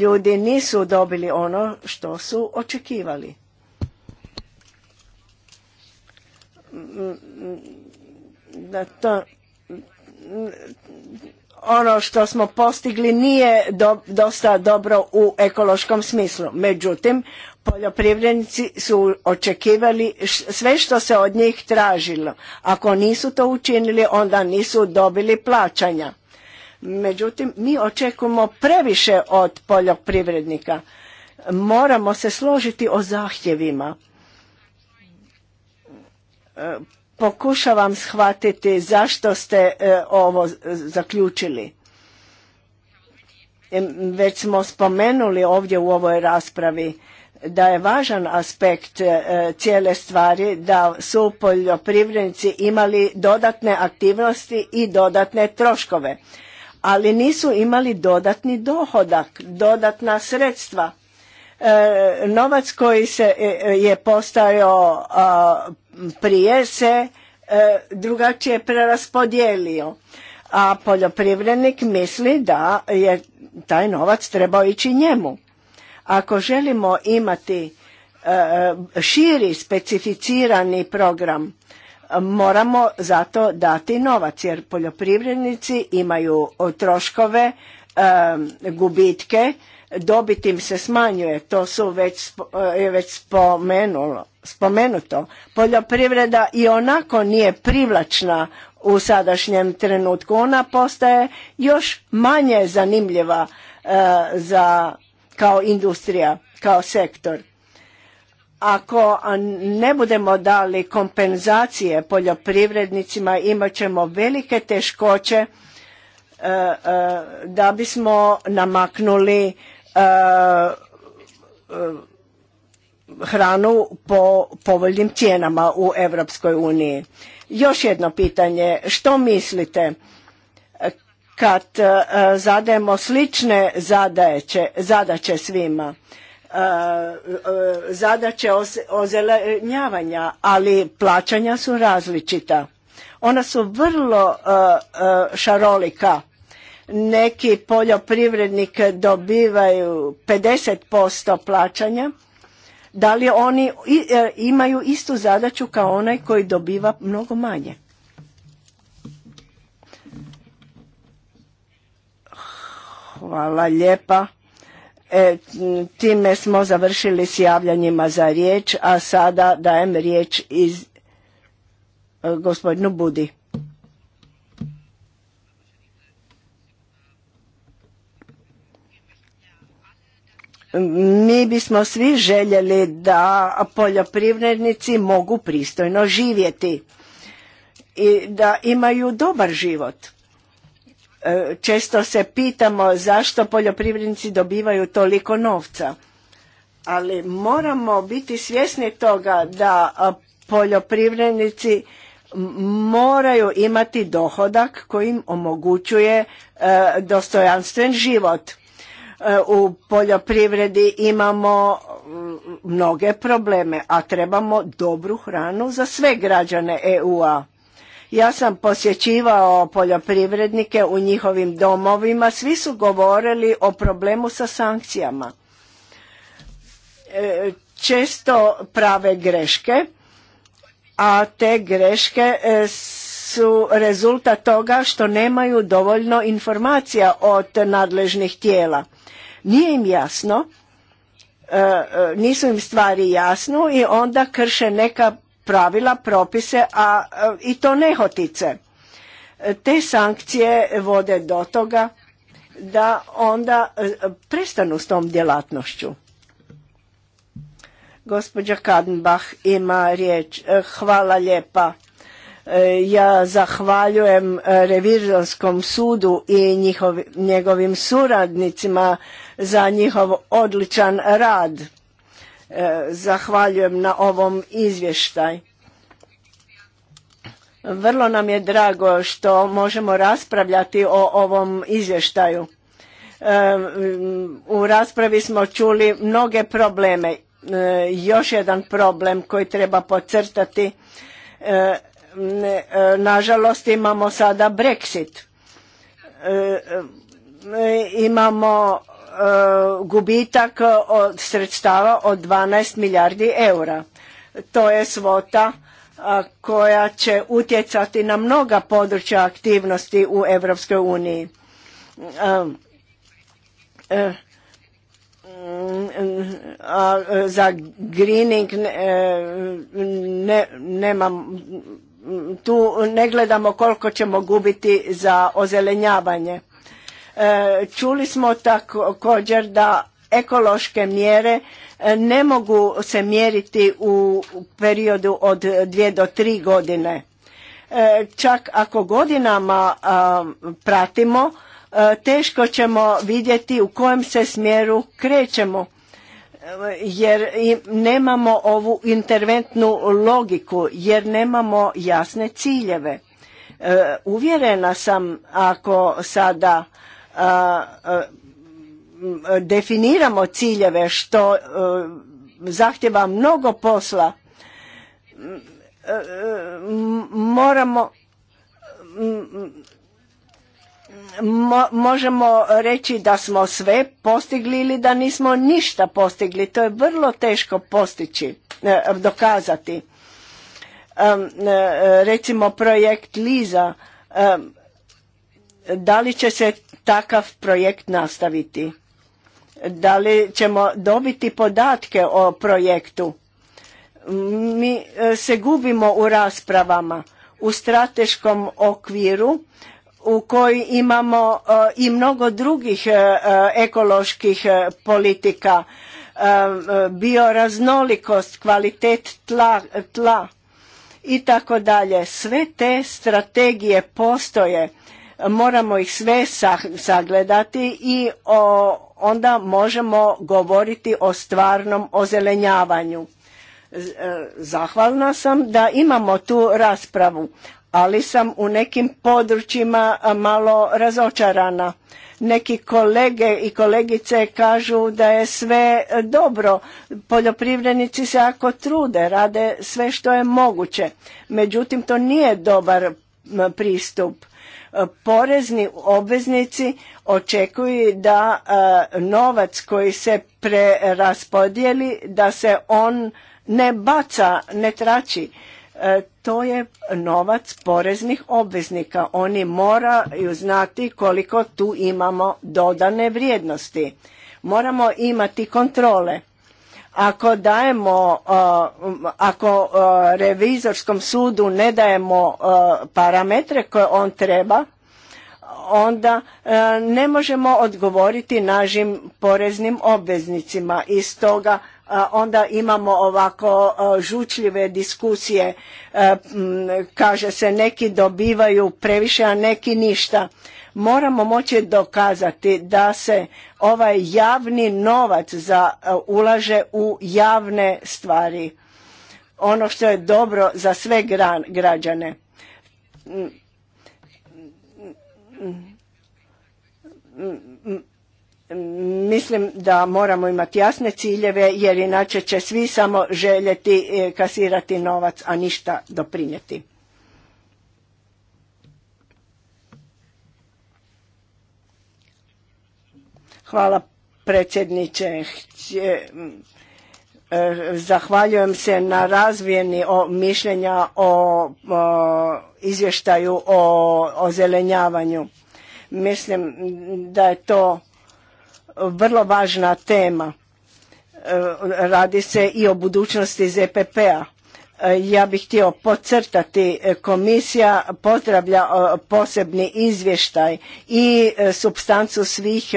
ljudi nisu dobili ono što su očekivali. Da to, ono što smo postigli nije dosta dobro u ekološkom smislu. Međutim, poljoprivrednici su očekivali sve što se od njih tražilo. Ako nisu to učinili, onda nisu dobili plaćanja Međutim, mi očekujemo previše od poljoprivrednika. Moramo se složiti o zahtjevima. E, pokušavam shvatiti zašto ste e, ovo zaključili. Već smo spomenuli ovdje u ovoj raspravi da je važan aspekt e, cijele stvari da su poljoprivrednici imali dodatne aktivnosti i dodatne troškove ali nisu imali dodatni dohodak, dodatna sredstva. E, novac koji se e, e, je postao prije se drugačije preraspodijelio, a poljoprivrednik misli da je taj novac trebao ići njemu. Ako želimo imati širi specificirani program, moramo zato dati novac jer poljoprivrednici imaju troškove, gubitke, dobit im se smanjuje, to su već, već spomenulo, spomenuto. Poljoprivreda i onako nije privlačna u sadašnjem trenutku, ona postaje još manje zanimljiva eh, za, kao industrija, kao sektor ako ne budemo dali kompenzacije poljoprivrednicima, imat ćemo velike teškoće e, e, da bismo namaknuli e, hranu po povoljnim cijenama u Europskoj uniji. Još jedno pitanje, što mislite kad zadajemo slične zadaće, zadaće svima? E, e, zadaće ozelenjavanja, ali plaćanja su različita. Ona su vrlo e, šarolika. Neki poljoprivrednik dobivaju 50% plaćanja. Da li oni imaju istu zadaću kao onaj koji dobiva mnogo manje? Hvala lijepa. E, time smo završili s javljanjima za riječ, a sada dajem riječ iz e, gospodinu Budi. Mi bismo svi željeli da poljoprivrednici mogu pristojno živjeti i da imaju dobar život E, često se pitamo zašto poljoprivrednici dobivaju toliko novca. Ali moramo biti svjesni toga da poljoprivrednici moraju imati dohodak koji im omogućuje e, dostojanstven život. E, u poljoprivredi imamo mnoge probleme, a trebamo dobru hranu za sve građane EU-a ja sam posjećivao poljoprivrednike u njihovim domovima, svi su govorili o problemu sa sankcijama. E, često prave greške, a te greške e, su rezultat toga što nemaju dovoljno informacija od nadležnih tijela. Nije im jasno, e, nisu im stvari jasno i onda krše neka pravila, propise, a e, i to nehotice. E, te sankcije vode do toga da onda e, prestanu s tom djelatnošću. Gospođa Kadenbach ima riječ. Hvala lijepa. Ja zahvaljujem Revizorskom sudu i njegovim suradnicima za njihov odličan rad. E, zahvaljujem na ovom izvještaj. Vrlo nam je drago što možemo raspravljati o ovom izvještaju. E, u raspravi smo čuli mnoge probleme. E, još jedan problem koji treba podcrtati. Nažalost imamo sada Brexit. Imamo E, gubitak od sredstava od 12 milijardi eura. To je svota e, koja će utjecati na mnoga područja aktivnosti u Europskoj uniji. E, za greening tu ne gledamo koliko ćemo gubiti za ozelenjavanje. E, čuli smo također da ekološke mjere e, ne mogu se mjeriti u periodu od dvije do tri godine. E, čak ako godinama pratimo, teško ćemo vidjeti u kojem se smjeru krećemo jer nemamo ovu interventnu logiku, jer nemamo jasne ciljeve. Uvjerena sam ako sada definiramo ciljeve što e, zahtjeva mnogo posla e, moramo možemo reći da smo sve postigli ili da nismo ništa postigli to je vrlo teško postići e, dokazati recimo projekt Liza da li će se takav projekt nastaviti? Da li ćemo dobiti podatke o projektu? Mi e, se gubimo u raspravama u strateškom okviru u koji imamo e, i mnogo drugih e, ekoloških politika, bioraznolikost, kvalitet tla, tla i tako dalje. Sve te strategije postoje moramo ih sve sagledati i onda možemo govoriti o stvarnom ozelenjavanju. E, zahvalna sam da imamo tu raspravu, ali sam u nekim područjima malo razočarana. Neki kolege i kolegice kažu da je sve e, dobro, poljoprivrednici se ako trude, rade sve što je moguće. Međutim, to nije dobar pristup porezni obveznici očekuju da e, novac koji se preraspodijeli da se on ne baca, ne trači. E, to je novac poreznih obveznika. Oni moraju znati koliko tu imamo dodane vrijednosti. Moramo imati kontrole. Ako dajemo, uh, ako uh, revizorskom sudu ne dajemo uh, parametre koje on treba, onda ne možemo odgovoriti našim poreznim obveznicima. I stoga onda imamo ovako žučljive diskusije, kaže se neki dobivaju previše, a neki ništa moramo moći dokazati da se ovaj javni novac za e, ulaže u javne stvari ono što je dobro za sve građane mislim da moramo imati jasne ciljeve jer inače će svi samo željeti e, kasirati novac a ništa doprinijeti Hvala predsjedniče. Eh, zahvaljujem se na razvijeni mišljenja o, izvještaju o ozelenjavanju. Mislim da je to vrlo važna tema. Eh, radi se i o budućnosti ZPP-a ja bih htio podcrtati e, komisija pozdravlja e, posebni izvještaj i e, substancu svih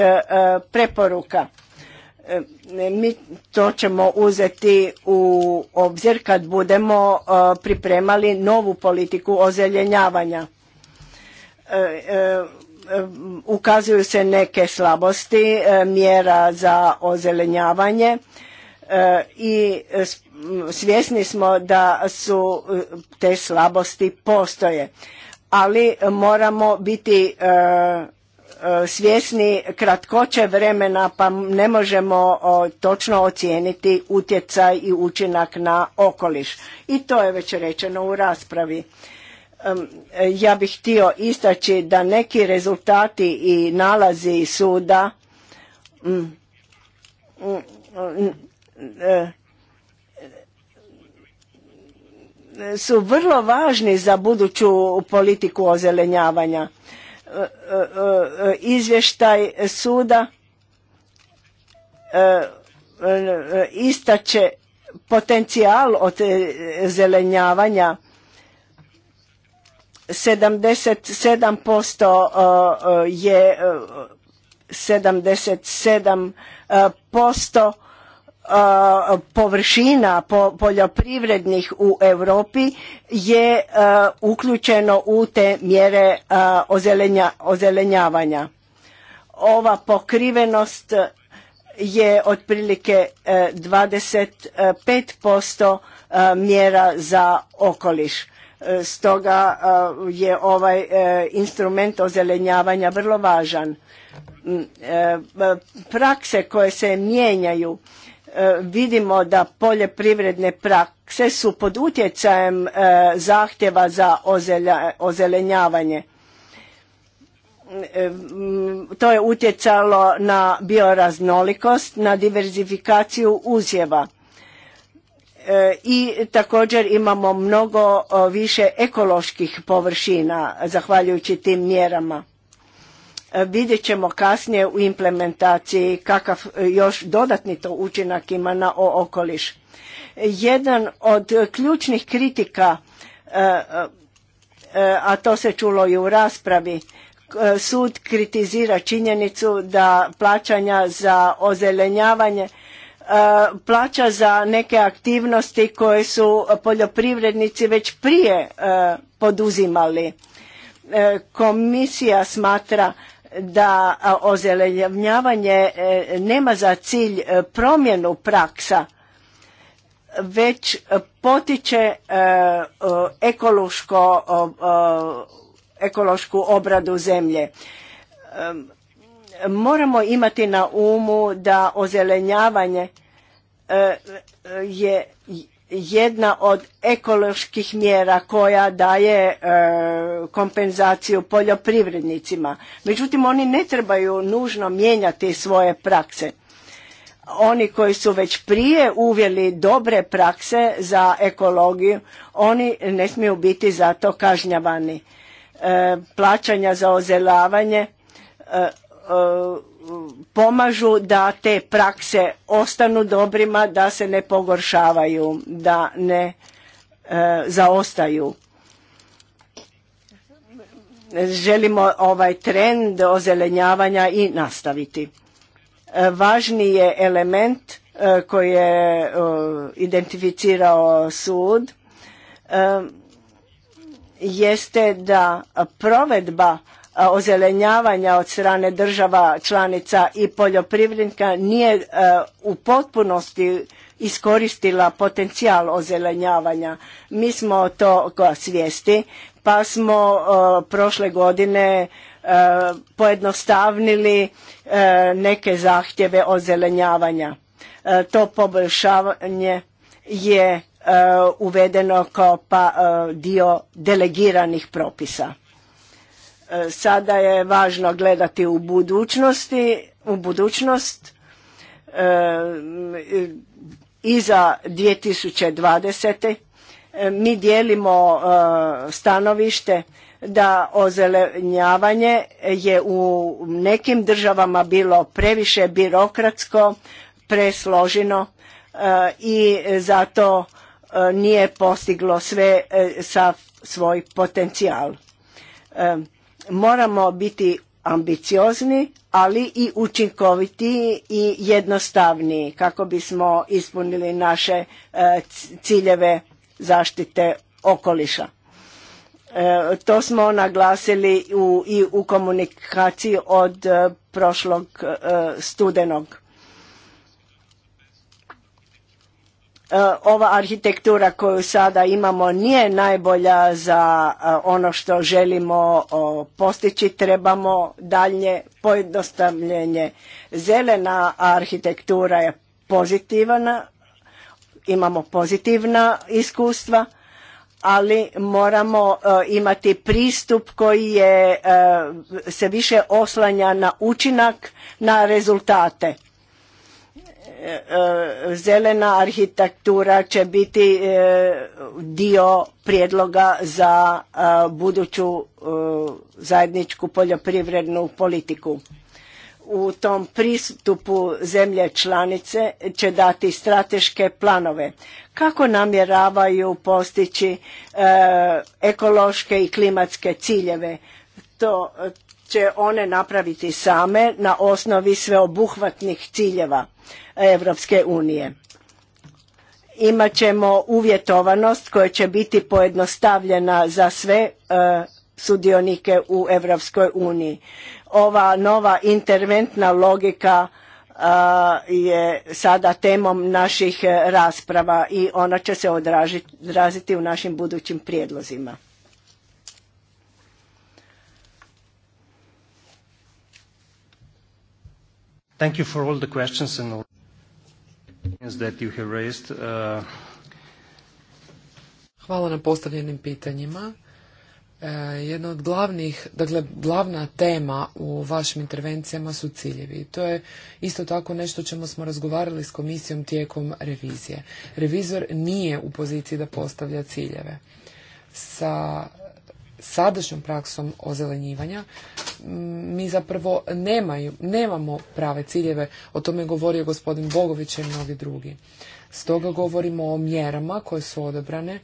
preporuka mi to ćemo uzeti u obzir kad budemo pripremali novu politiku ozeljenjavanja ukazuju se neke slabosti mjera za ozelenjavanje E, i e, svjesni smo da su e, te slabosti postoje ali moramo biti svjesni kratkoće vremena pa ne možemo točno ocijeniti utjecaj i učinak na okoliš i to je već rečeno u raspravi ja bih htio istaći da neki rezultati i nalazi suda mm, mm, su vrlo važni za buduću politiku ozelenjavanja. Izvještaj suda e, e, istače potencijal od zelenjavanja 77% je 77% e, površina poljoprivrednih u Europi je uključeno u te mjere ozelenjavanja. Ova pokrivenost je otprilike 25% e, e, mjera za okoliš. E, stoga je ovaj instrument ozelenjavanja vrlo važan. Prakse koje se mijenjaju E, vidimo da poljoprivredne prakse su pod utjecajem e, zahtjeva za ozelenjavanje. E, to je utjecalo na bioraznolikost, na diverzifikaciju uzjeva. I također imamo mnogo više ekoloških površina zahvaljujući tim mjerama Vidjet ćemo kasnije u implementaciji kakav još dodatni to učinak ima na okoliš. Jedan od ključnih kritika, e, e, e, a to se čulo i u raspravi, sud kritizira činjenicu da plaćanja za ozelenjavanje plaća za neke aktivnosti koje su poljoprivrednici već prije poduzimali. Komisija smatra da ozelenjavanje e, nema za cilj e, promjenu praksa, već e, potiče ekološko, ekološku obradu zemlje. Moramo imati na umu da ozelenjavanje je jedna od ekoloških mjera koja daje e, kompenzaciju poljoprivrednicima. Međutim, oni ne trebaju nužno mijenjati svoje prakse. Oni koji su već prije uvjeli dobre prakse za ekologiju, oni ne smiju biti za to kažnjavani. E, plaćanja za ozelavanje e, e pomažu da te prakse ostanu dobrima, da se ne pogoršavaju, da ne e, zaostaju. Želimo ovaj trend ozelenjavanja i nastaviti. Važniji e, važni je element e, koji je identificirao sud jeste da provedba ozelenjavanja od strane država članica i poljoprivrednika nije e, u potpunosti iskoristila potencijal ozelenjavanja. Mi smo to svijesti pa smo e, prošle godine e, pojednostavnili neke zahtjeve ozelenjavanja. To poboljšavanje je uvedeno kao pa dio delegiranih propisa. Sada je važno gledati u budućnosti, u budućnost e, iza 2020. E, mi dijelimo e, stanovište da ozelenjavanje je u nekim državama bilo previše birokratsko, presloženo i zato nije postiglo sve sa svoj potencijal. Moramo biti ambiciozni, ali i učinkovitiji i jednostavniji kako bismo ispunili naše e, ciljeve zaštite okoliša. E, to smo naglasili i u komunikaciji od e, prošlog studenog. E, ova arhitektura koju sada imamo nije najbolja za e, ono što želimo postići, trebamo dalje pojednostavljenje. Zelena arhitektura je pozitivna, imamo pozitivna iskustva, ali moramo e, imati pristup koji je, se više oslanja na učinak, na rezultate zelena arhitektura će biti e, dio prijedloga za e, buduću e, zajedničku poljoprivrednu politiku. U tom pristupu zemlje članice će dati strateške planove kako namjeravaju postići ekološke i klimatske ciljeve. To će one napraviti same na osnovi sveobuhvatnih ciljeva Europske unije. Imat ćemo uvjetovanost koja će biti pojednostavljena za sve e, sudionike u Europskoj uniji. Ova nova interventna logika e, je sada temom naših e, rasprava i ona će se odraziti u našim budućim prijedlozima. Thank you for all the questions and all that you have raised. Uh, Hvala na postavljenim pitanjima. E, jedna od glavnih, dakle glavna tema u vašim intervencijama su ciljevi. To je isto tako nešto čemu smo razgovarali s komisijom tijekom revizije. Revizor nije u poziciji da postavlja ciljeve. Sa sadašnjom praksom ozelenjivanja mi zapravo nemaju, nemamo prave ciljeve. O tome je govorio gospodin Bogović i mnogi drugi. Stoga govorimo o mjerama koje su odebrane.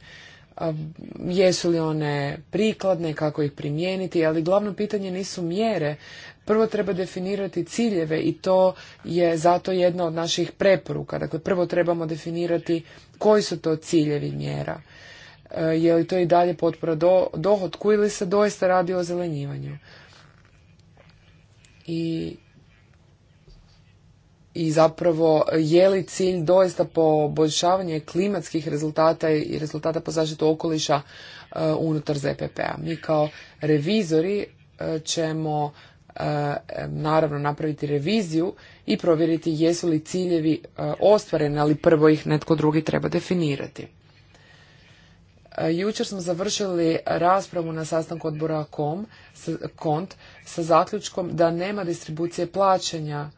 jesu li one prikladne, kako ih primijeniti, ali glavno pitanje nisu mjere. Prvo treba definirati ciljeve i to je zato jedna od naših preporuka. Dakle, prvo trebamo definirati koji su to ciljevi mjera E, je li to i dalje potpora do, dohodku ili se doista radi o zelenjivanju. I, I zapravo je li cilj doista poboljšavanje klimatskih rezultata i rezultata po zaštitu okoliša e, unutar ZPP-a. Mi kao revizori e, ćemo naravno napraviti reviziju i provjeriti jesu li ciljevi ostvareni, ali prvo ih netko drugi treba definirati. Jučer smo završili raspravu na sastanku odbora KONT, sa zaključkom da nema distribucije plaćanja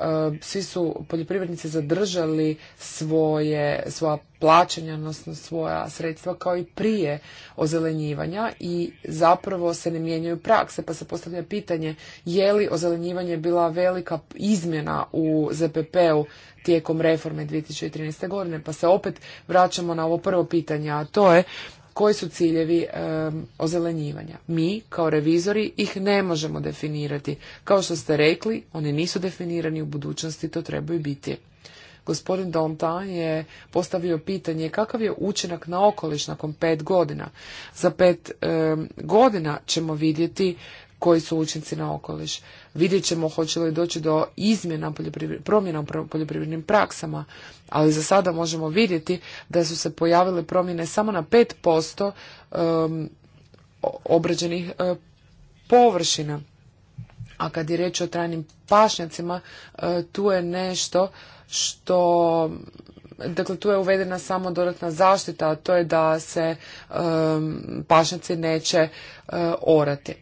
Eh, svi su poljoprivrednici zadržali svoje, svoja plaćanja, odnosno svoja sredstva kao i prije ozelenjivanja i zapravo se ne mijenjaju prakse, pa se postavlja pitanje je li ozelenjivanje bila velika izmjena u ZPP-u tijekom reforme 2013. godine, pa se opet vraćamo na ovo prvo pitanje, a to je koji su ciljevi e, ozelenjivanja. Mi, kao revizori, ih ne možemo definirati. Kao što ste rekli, oni nisu definirani u budućnosti, to trebaju biti. Gospodin Donta je postavio pitanje kakav je učinak na okoliš nakon pet godina. Za pet godina ćemo vidjeti koji su učinci na okoliš. Vidjet ćemo hoće li doći do izmjena promjena u poljoprivrednim praksama, ali za sada možemo vidjeti da su se pojavile promjene samo na 5% obrađenih e, površina. A kad je riječ o trajnim pašnjacima, e, tu je nešto što dakle tu je uvedena samo dodatna zaštita, a to je da se pašnjaci neće e, orati.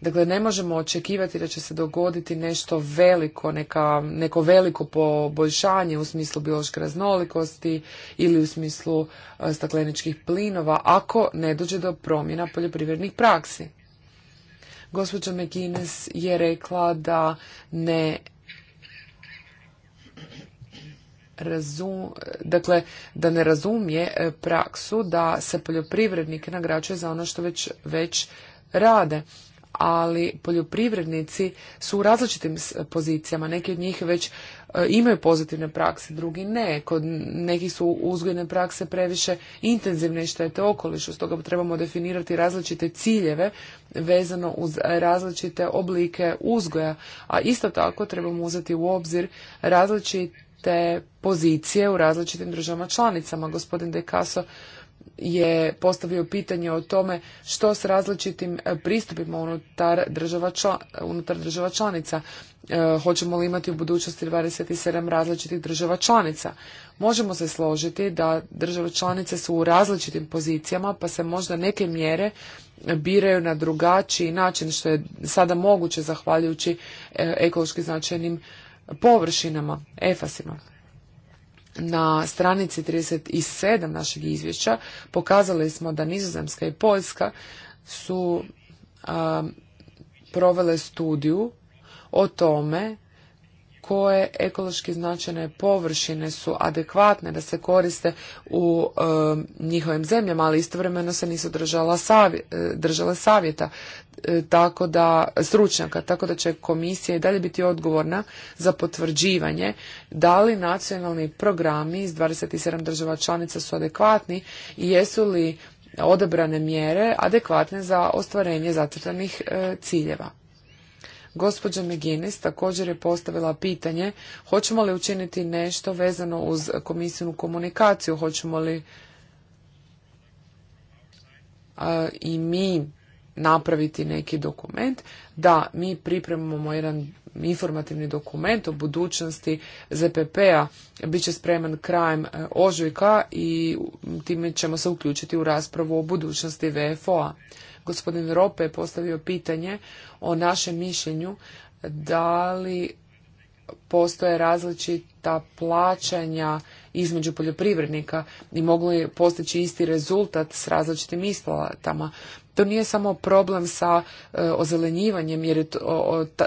Dakle, ne možemo očekivati da će se dogoditi nešto veliko, neka, neko veliko poboljšanje u smislu biološke raznolikosti ili u smislu e, stakleničkih plinova ako ne dođe do promjena poljoprivrednih praksi. Gospođa McGuinness je rekla da ne razum, dakle, da ne razumije e, praksu da se poljoprivrednik nagrađuje za ono što već, već rade ali poljoprivrednici su u različitim pozicijama. Neki od njih već e, imaju pozitivne prakse, drugi ne. Kod nekih su uzgojne prakse previše intenzivne i štete okolišu. Stoga trebamo definirati različite ciljeve vezano uz različite oblike uzgoja. A isto tako trebamo uzeti u obzir različite pozicije u različitim državama članicama. Gospodin De Caso je postavio pitanje o tome što s različitim e, pristupima unutar država, unutar država članica. E, hoćemo li imati u budućnosti 27 različitih država članica? Možemo se složiti da države članice su u različitim pozicijama, pa se možda neke mjere biraju na drugačiji način, što je sada moguće zahvaljujući e, ekološki značajnim površinama, efasima. Na stranici 37 našeg izvješća pokazali smo da Nizozemska i Poljska su provele studiju o tome koje ekološki značajne površine su adekvatne da se koriste u njihovim zemljama, ali istovremeno se nisu držala savje, e, držale savjeta e, tako da stručnjaka, tako da će komisija i dalje biti odgovorna za potvrđivanje da li nacionalni programi iz 27 država članica su adekvatni i jesu li odabrane mjere adekvatne za ostvarenje zacrtanih e, ciljeva. Gospođa Meginis također je postavila pitanje hoćemo li učiniti nešto vezano uz komisijnu komunikaciju, hoćemo li i mi napraviti neki dokument, da mi pripremamo jedan informativni dokument o budućnosti ZPP-a, bit će spreman krajem e, ožujka i time ćemo se uključiti u raspravu o budućnosti VFO-a. Gospodin Rope je postavio pitanje o našem mišljenju da li postoje različita plaćanja između poljoprivrednika i je postići isti rezultat s različitim isplatama. To nije samo problem sa e, ozelenjivanjem jer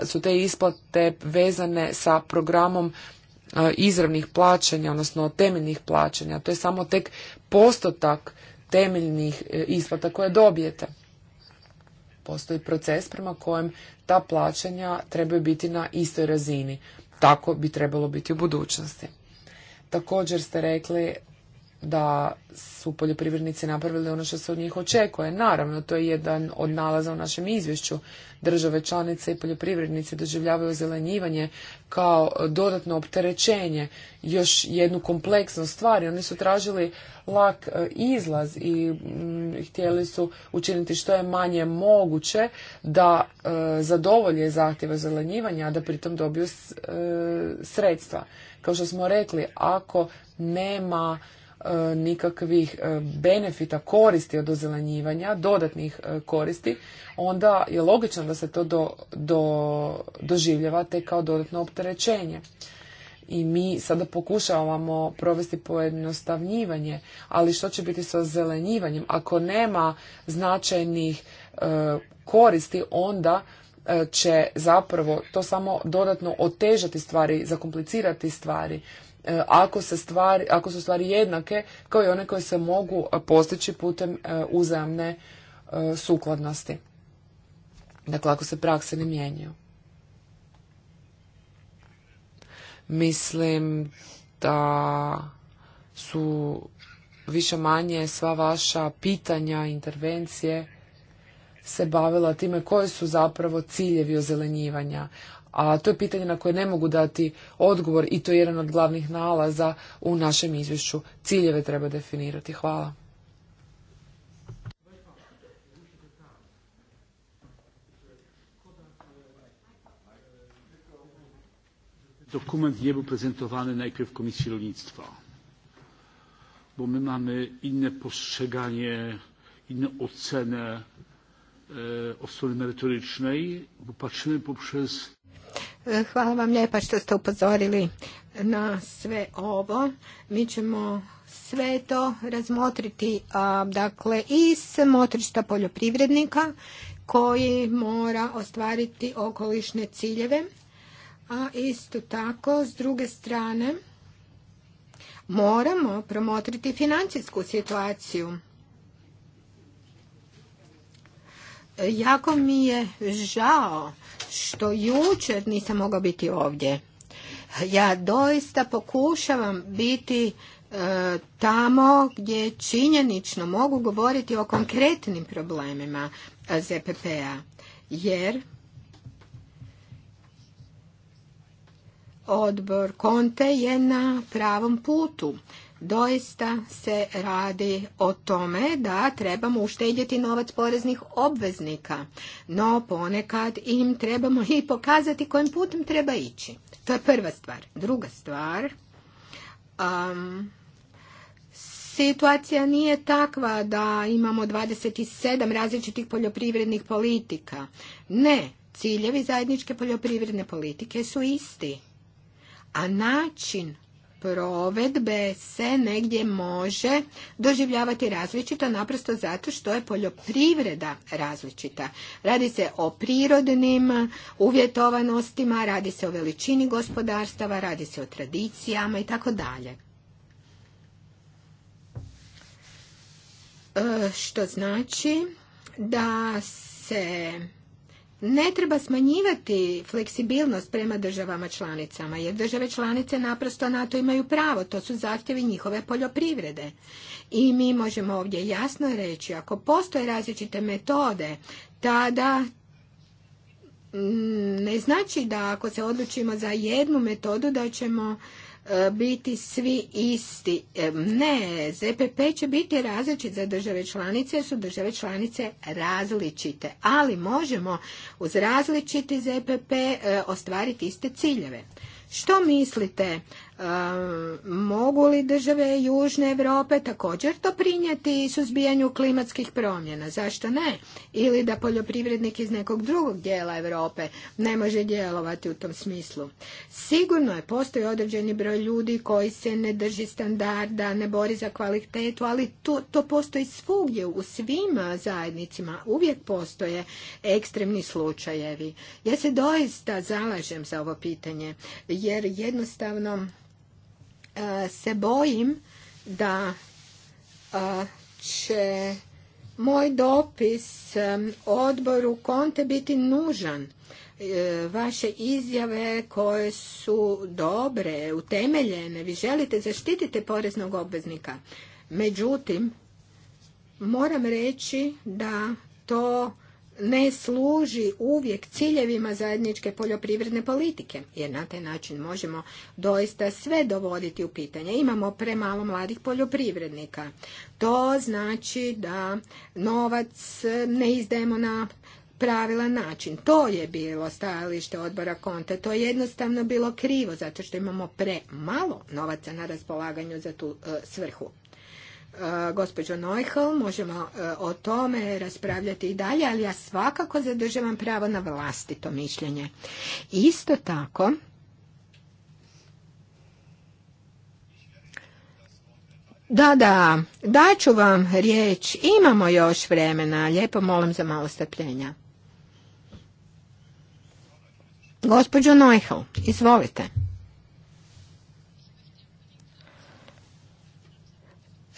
su te isplate vezane sa programom e, izravnih plaćanja, odnosno temeljnih plaćanja. To je samo tek postotak temeljnih e, isplata koje dobijete. Postoji proces prema kojem ta plaćanja trebaju biti na istoj razini. Tako bi trebalo biti u budućnosti. Također ste rekli da su poljoprivrednici napravili ono što se od njih očekuje. Naravno, to je jedan od nalaza u našem izvješću. Države članice i poljoprivrednici doživljavaju zelenjivanje kao dodatno opterećenje, još jednu kompleksnu stvar. Oni su tražili lak e, izlaz i mm, htjeli su učiniti što je manje moguće da e, zadovolje zahtjeve zelenjivanja, a da pritom dobiju e, sredstva. Kao što smo rekli, ako nema E, nikakvih e, benefita, koristi od ozelenjivanja, dodatnih e, koristi, onda je logično da se to do, doživljava te kao dodatno opterećenje. I mi sada pokušavamo provesti pojednostavnjivanje, ali što će biti sa ozelenjivanjem? Ako nema značajnih koristi, onda će zapravo to samo dodatno otežati stvari, zakomplicirati stvari E, ako, se stvari, ako su stvari jednake kao i one koje se mogu postići putem e, uzajamne e, sukladnosti. Dakle, ako se prakse ne mijenjaju. Mislim da su više manje sva vaša pitanja, intervencije se bavila time koji su zapravo ciljevi ozelenjivanja a to je pitanje na koje ne mogu dati odgovor i to je jedan od glavnih nalaza u našem izvješću. Ciljeve treba definirati. Hvala. Dokument nie był prezentowany najpierw Komisji Rolnictwa, bo my mamy inne postrzeganie, inną ocenę e, od strony merytorycznej, bo patrzymy poprzez E, hvala vam lijepa što ste upozorili na sve ovo. Mi ćemo sve to razmotriti, dakle, i motrišta poljoprivrednika koji mora ostvariti okolišne ciljeve, a isto tako, s druge strane, moramo promotriti financijsku situaciju. E, jako mi je žao što jučer nisam mogao biti ovdje. Ja doista pokušavam biti e, tamo gdje činjenično mogu govoriti o konkretnim problemima e, ZPP-a. Jer odbor Konte je na pravom putu doista se radi o tome da trebamo uštedjeti novac poreznih obveznika, no ponekad im trebamo i pokazati kojim putem treba ići. To je prva stvar. Druga stvar, situacija nije takva da imamo 27 različitih poljoprivrednih politika. Ne, ciljevi zajedničke poljoprivredne politike su isti. A način provedbe se negdje može doživljavati različito naprosto zato što je poljoprivreda različita. Radi se o prirodnim uvjetovanostima, radi se o veličini gospodarstava, radi se o tradicijama i tako dalje. E, što znači da se ne treba smanjivati fleksibilnost prema državama članicama, jer države članice naprosto na to imaju pravo. To su zahtjevi njihove poljoprivrede. I mi možemo ovdje jasno reći, ako postoje različite metode, tada mm, ne znači da ako se odlučimo za jednu metodu da ćemo E, biti svi isti. E, ne, ZPP će biti različit za države članice, jer su države članice različite, ali možemo uz različiti ZPP e, ostvariti iste ciljeve. Što mislite Mogu li države Južne Europe također to doprinijeti suzbijanju klimatskih promjena? Zašto ne? Ili da poljoprivrednik iz nekog drugog dijela Europe ne može djelovati u tom smislu. Sigurno je, postoji određeni broj ljudi koji se ne drži standarda, ne bori za kvalitetu, ali to, to postoji svugdje, u svim zajednicima. Uvijek postoje ekstremni slučajevi. Ja se doista zalažem za ovo pitanje, jer jednostavno E, se bojim da e, će moj dopis e, odboru konte biti nužan vaše izjave koje su dobre, utemeljene, vi želite zaštititi poreznog obveznika. Međutim, moram reći da to ne služi uvijek ciljevima zajedničke poljoprivredne politike, jer na taj način možemo doista sve dovoditi u pitanje. Imamo premalo mladih poljoprivrednika. To znači da novac ne izdajemo na pravilan način. To je bilo stajalište odbora konta. To je jednostavno bilo krivo, zato što imamo premalo novaca na raspolaganju za tu e, svrhu. E, gospođo Neuhl možemo e, o tome raspravljati i dalje, ali ja svakako zadržavam pravo na vlastito mišljenje. Isto tako, Da, da, daću vam riječ, imamo još vremena, lijepo molim za malo strpljenja. Gospođo Neuhel, izvolite.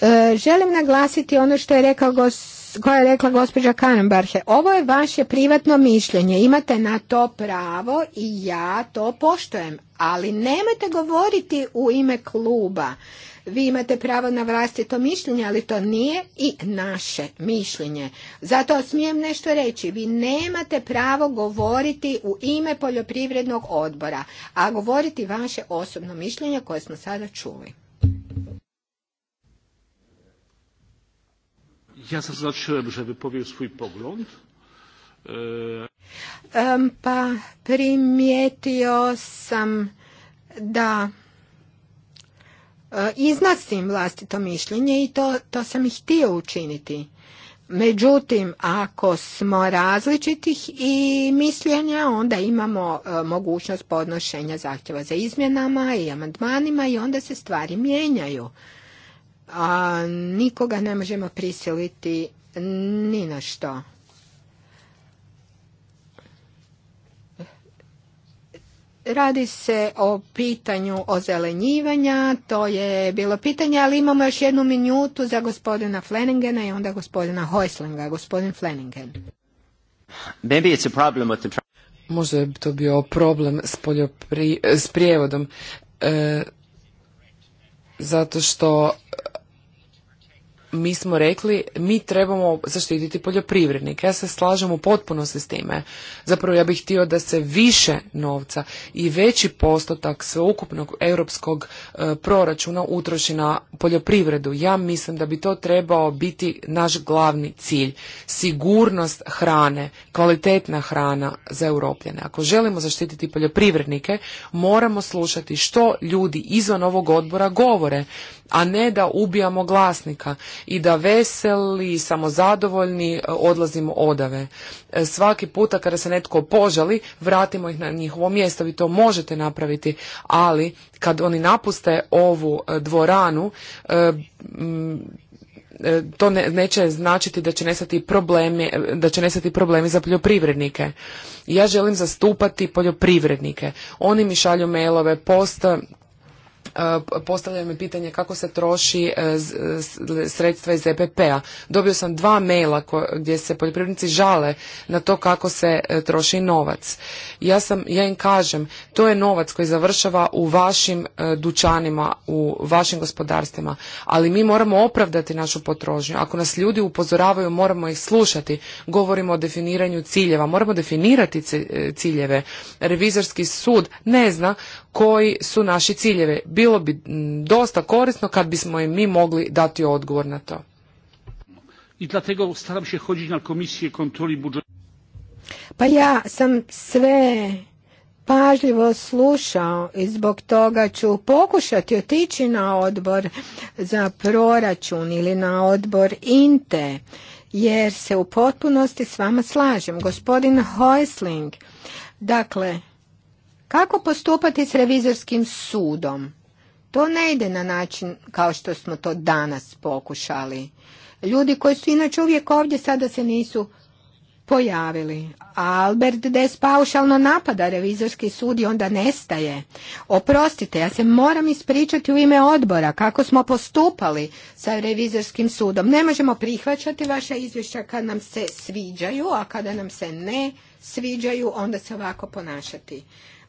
E, želim naglasiti ono što je rekao gospodin je rekla gospođa Karambarhe. ovo je vaše privatno mišljenje, imate na to pravo i ja to poštojem, ali nemojte govoriti u ime kluba. Vi imate pravo na vlastito mišljenje, ali to nije i naše mišljenje. Zato smijem nešto reći. Vi nemate pravo govoriti u ime poljoprivrednog odbora, a govoriti vaše osobno mišljenje koje smo sada čuli. Ja zaznaczyłem, że wypowiem swój pogląd. E, pa primijetio sam da e, iznacim vlastito mišljenje i to, sam i htio učiniti. Međutim, ako smo različitih i mišljenja, onda imamo e, mogućnost podnošenja zahtjeva za izmjenama i amandmanima i onda se stvari mijenjaju a nikoga ne možemo prisiliti ni na što. Radi se o pitanju ozelenjivanja, to je bilo pitanje, ali imamo još jednu minutu za gospodina Fleningena i onda gospodina Hojslinga. Gospodin Fleningen. Maybe it's a problem with the... Možda je to bio problem s, prijevodom, e, zato što mi smo rekli mi trebamo zaštititi poljoprivrednike. Ja se slažem u potpunosti s time. Zapravo ja bih htio da se više novca i veći postotak sveukupnog europskog e, proračuna utroši na poljoprivredu. Ja mislim da bi to trebao biti naš glavni cilj. Sigurnost hrane, kvalitetna hrana za europljene. Ako želimo zaštititi poljoprivrednike, moramo slušati što ljudi izvan ovog odbora govore a ne da ubijamo glasnika i da veseli, samozadovoljni e, odlazimo odave. E, svaki puta kada se netko požali, vratimo ih na njihovo mjesto. Vi to možete napraviti, ali kad oni napuste ovu e, dvoranu, to neće značiti da će nestati problemi, da će nestati problemi za poljoprivrednike. Ja želim zastupati poljoprivrednike. Oni mi šalju mailove, post, E, postavljaju mi pitanje kako se troši e, sredstva iz EPP-a. Dobio sam dva maila gdje se poljoprivrednici žale na to kako se e, troši novac. Ja, sam, ja im kažem, to je novac koji završava u vašim dućanima, u vašim gospodarstvima, ali mi moramo opravdati našu potrošnju. Ako nas ljudi upozoravaju, moramo ih slušati. Govorimo o definiranju ciljeva, moramo definirati ciljeve. Revizorski sud ne zna koji su naši ciljevi bilo bi dosta korisno kad bismo im mi mogli dati odgovor na to. I dlatego staram na komisije kontroli Pa ja sam sve pažljivo slušao i zbog toga ću pokušati otići na odbor za proračun ili na odbor INTE, jer se u potpunosti s vama slažem. Gospodin Hojsling, dakle, kako postupati s revizorskim sudom? To ne ide na način kao što smo to danas pokušali. Ljudi koji su inače uvijek ovdje sada se nisu pojavili. Albert Des paušalno napada revizorski sud i onda nestaje. Oprostite, ja se moram ispričati u ime odbora kako smo postupali sa revizorskim sudom. Ne možemo prihvaćati vaša izvješća kad nam se sviđaju, a kada nam se ne sviđaju, onda se ovako ponašati.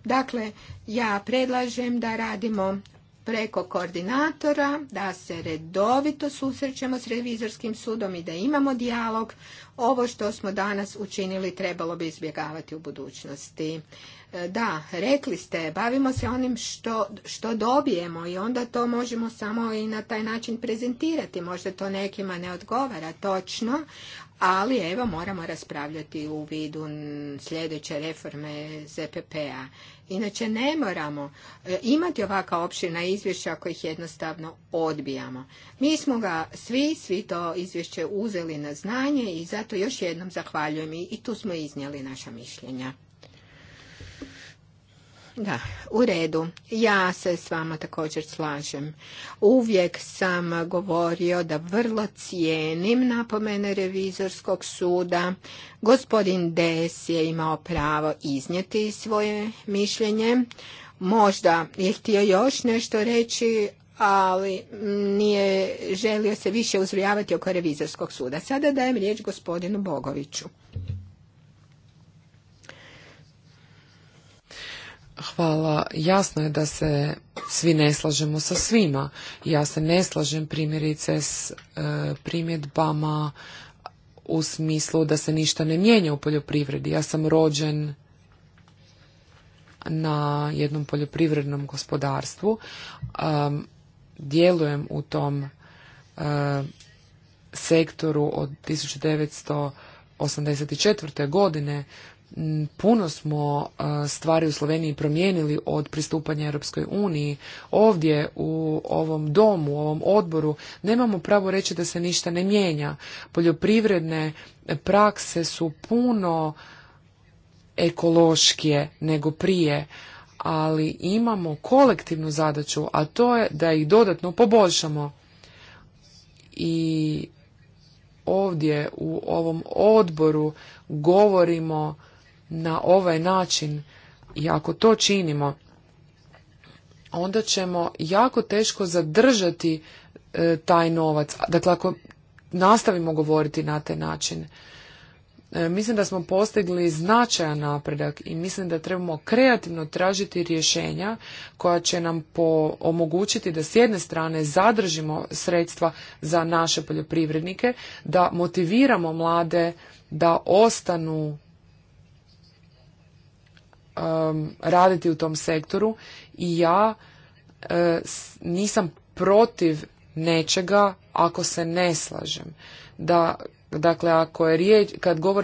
Dakle, ja predlažem da radimo preko koordinatora, da se redovito susrećemo s revizorskim sudom i da imamo dijalog. Ovo što smo danas učinili trebalo bi izbjegavati u budućnosti. E, da, rekli ste, bavimo se onim što, što dobijemo i onda to možemo samo i na taj način prezentirati. Možda to nekima ne odgovara točno, ali evo moramo raspravljati u vidu sljedeće reforme ZPP-a. Inače ne moramo e, imati ovakva opširna izvješća kojih jednostavno odbijamo. Mi smo ga svi, svi to izvješće uzeli na znanje i zato još jednom zahvaljujem i tu smo iznijeli naša mišljenja. Da, u redu. Ja se s vama također slažem. Uvijek sam govorio da vrlo cijenim napomene revizorskog suda. Gospodin Des je imao pravo iznijeti svoje mišljenje. Možda je htio još nešto reći, ali nije želio se više uzrujavati oko revizorskog suda. Sada dajem riječ gospodinu Bogoviću. Hvala. Jasno je da se svi ne slažemo sa svima. Ja se ne slažem primjerice s e, primjedbama u smislu da se ništa ne mijenja u poljoprivredi. Ja sam rođen na jednom poljoprivrednom gospodarstvu. djelujem u tom e, sektoru od 1984. godine Puno smo e, stvari u Sloveniji promijenili od pristupanja Europskoj uniji. Ovdje u ovom domu, u ovom odboru nemamo pravo reći da se ništa ne mijenja. Poljoprivredne prakse su puno ekološkije nego prije, ali imamo kolektivnu zadaću, a to je da ih dodatno poboljšamo. I ovdje u ovom odboru govorimo na ovaj način i ako to činimo, onda ćemo jako teško zadržati e, taj novac. Dakle, ako nastavimo govoriti na taj način, e, mislim da smo postigli značajan napredak i mislim da trebamo kreativno tražiti rješenja koja će nam po omogućiti da s jedne strane zadržimo sredstva za naše poljoprivrednike, da motiviramo mlade da ostanu um, raditi u tom sektoru i ja e, nisam protiv nečega ako se ne slažem. Da, dakle, ako je riječ, kad govorim